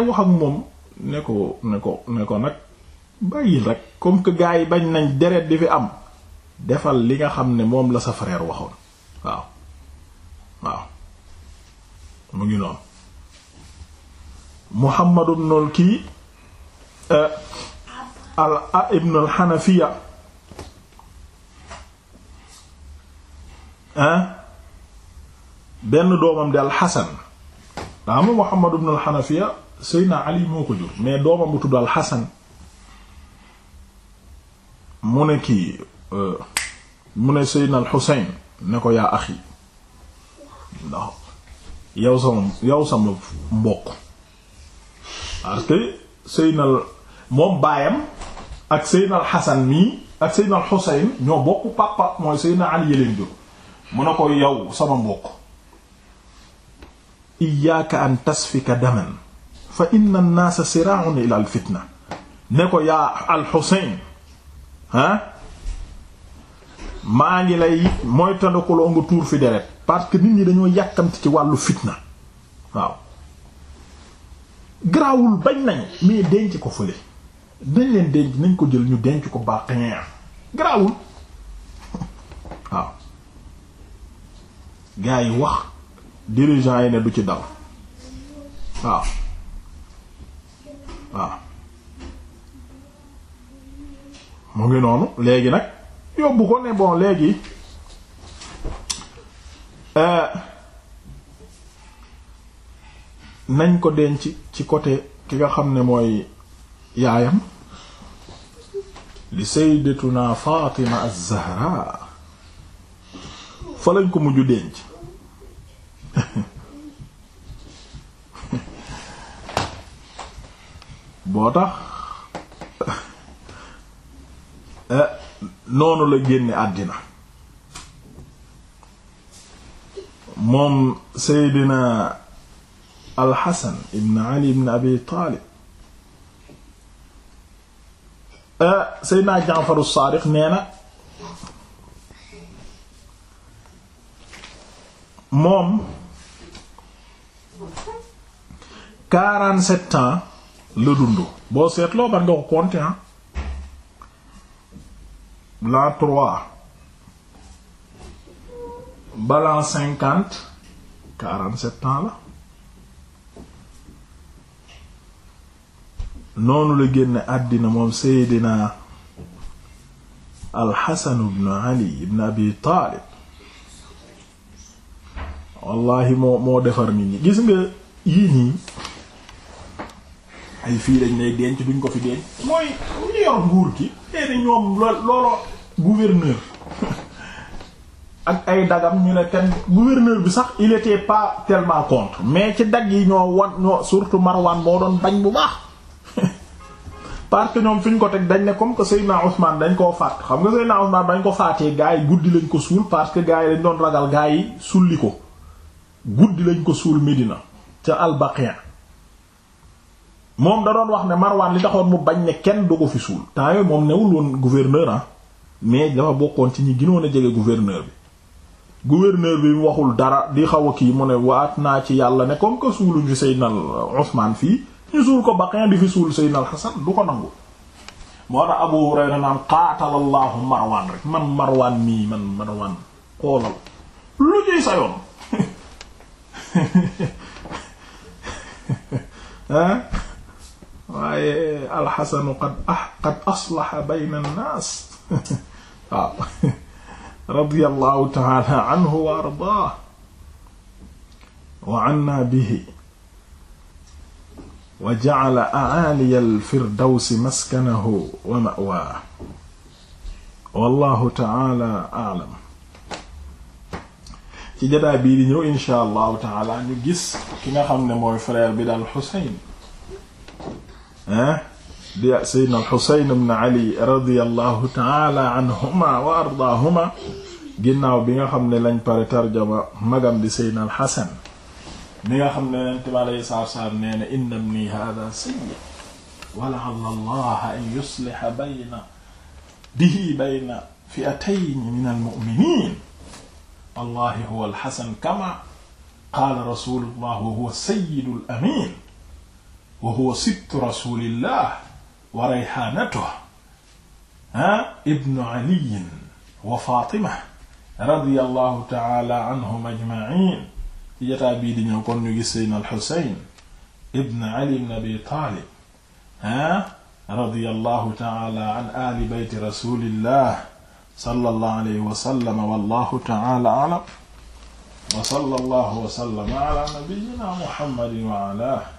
wax ak moom ne ko ne ko ne ko nag bàyyil rek comme que gaa yi bañ nañ deret di fi am defal li nga xam ne moom la sa frère waxoon waaw waaw mu ngi noonu Muhammad ibn kii eh, al ibn al Hanafiya eh? benn doomam di al Hasan daa ma Muhammad ibn al Hanafiya Seydina Ali moo ko jur mais doomam bu al Hasan mu ne kii eh, mu ne Seydina al Husayn ne ko yaa axi yow sama yow sama mbokk parce que seynal moom baayam ak seynal Xasan mii ak seynal Xuseyn ñoo bokk papa mooy seynal Ali yeleen jur ko yow sama mbokk iyyaka an tasfika daman fa inna an-naasa siraa'un al-fitna ne ko al-Xuseyn ah maa ngi lay mooy tandakaloo nga tuur fi deret parce que nit ñi dañoo yàkkamti ci wàllu fitna waaw garaawul bañ nañ mais denc ko fële dañ leen denc nañ ko jël ñu denc ko baax teneer garaawul waaw gars yi wax dirigeants yi ne du ci dal waaw waaw mu ngi noonu léegi nag yóbbu ko ne bon léegi euh, nañ ko denc ci côté ki nga xam ne mooy yaayam li sayyidatuna Fatima az-Zahra fa lañ ko mujj denc boo tax euh, noonu la génne àddina moom seydina alxasan ibn ali ibn abi taalib eh, seydina jaafaru saadiq nee na moom quarante-sept ans la dund boo seetloo ba nga ko compter l'an trois ba l'an cinquante quarante-sept la noonu la génn àddina moom seydina alxasan ibnu ali ibnu abi taalib wallahi moo moo defar nit ñi gis nga yii nii ay fii dañ lay denc duñ ko fi denc mooy ñu yor nguur gi léegi eh, ñoom looloo gouverneur ak ay dagam ñu ne kenn gouverneur bi sax il était pas tellement mais ci dag yi ñoo wan ñoo surtout Marwan boo doon bañ bu baax parce que ñoom fi ñu ko teg dañ ne comme que Seydina Ousmane dañ koo faat xam nga naa Ousmane dañ ko faatee gars yi guddi lañ ko suul parce que gars yi dañ doon ragal gars yi sulli ko guddi lañ ko suul Medina ca al moom da doon wax ne Marwan li taxoon mu bañ ne kenn du ko fi suul temps moom newul woon gouverneur ah mais dafa bokkoon ci ñi gënoon a jege gouverneur bi gouverneur bi mu waxul dara di xaw a kii mu ne waat naa ci yàlla nekkoon ko suulu suuluñu Seydina Usmaan fii ñu suul ko Baqin di fi suul Seydina Hasan du ko nangu moo tax Abu Hurayra naan qaatalallahu Marwan rek man Marwan mii man Marwan xoolal lu ñuy sa yoon waaye alxasanu qad ah, qad aslaxa bayna annaas waaw radiyallahu taala anhu wa ardaah wa anna bihi wa jacala acaaliya alfirdawsi maskanahu wa ma'waa wallahu taala aclam ci jadaa bii di ñëw inshaa allahu taala ñu gis ki nga xam ne mooy frère bi daal Xuseyn ah di seydna alxusayn ibn ali radiallahu taala anhuma wa ardaahuma ginnaaw bi nga xam ne lañ pare tarjama magam di seydna alxasan mi nga xam ne yonent bi alayhi salaatu salaam nee na inna ibni hada sayyi wa la'alla allaha an yusliha bayna bihi bayna fi'atayni min almu'minin allahi huwa alxasan kama qaala rasulullah wa huwa sayyidul amin wa huwa sibtu rasulillah wa rayhanatuhu ibnu ali wa fatima radiyallahu ta'ala anhum ajma'in ci jataa bii di ñëw kon ñu gis seydna al-Husayn ibn ali ibn abi taalib radiyallahu ta'ala an ali bayt rasulillah sallallahu alayhi wa sallam wallahu ta'ala a'lam wa sallallahu wa sallama ala nabiyyina muhammadin wa ala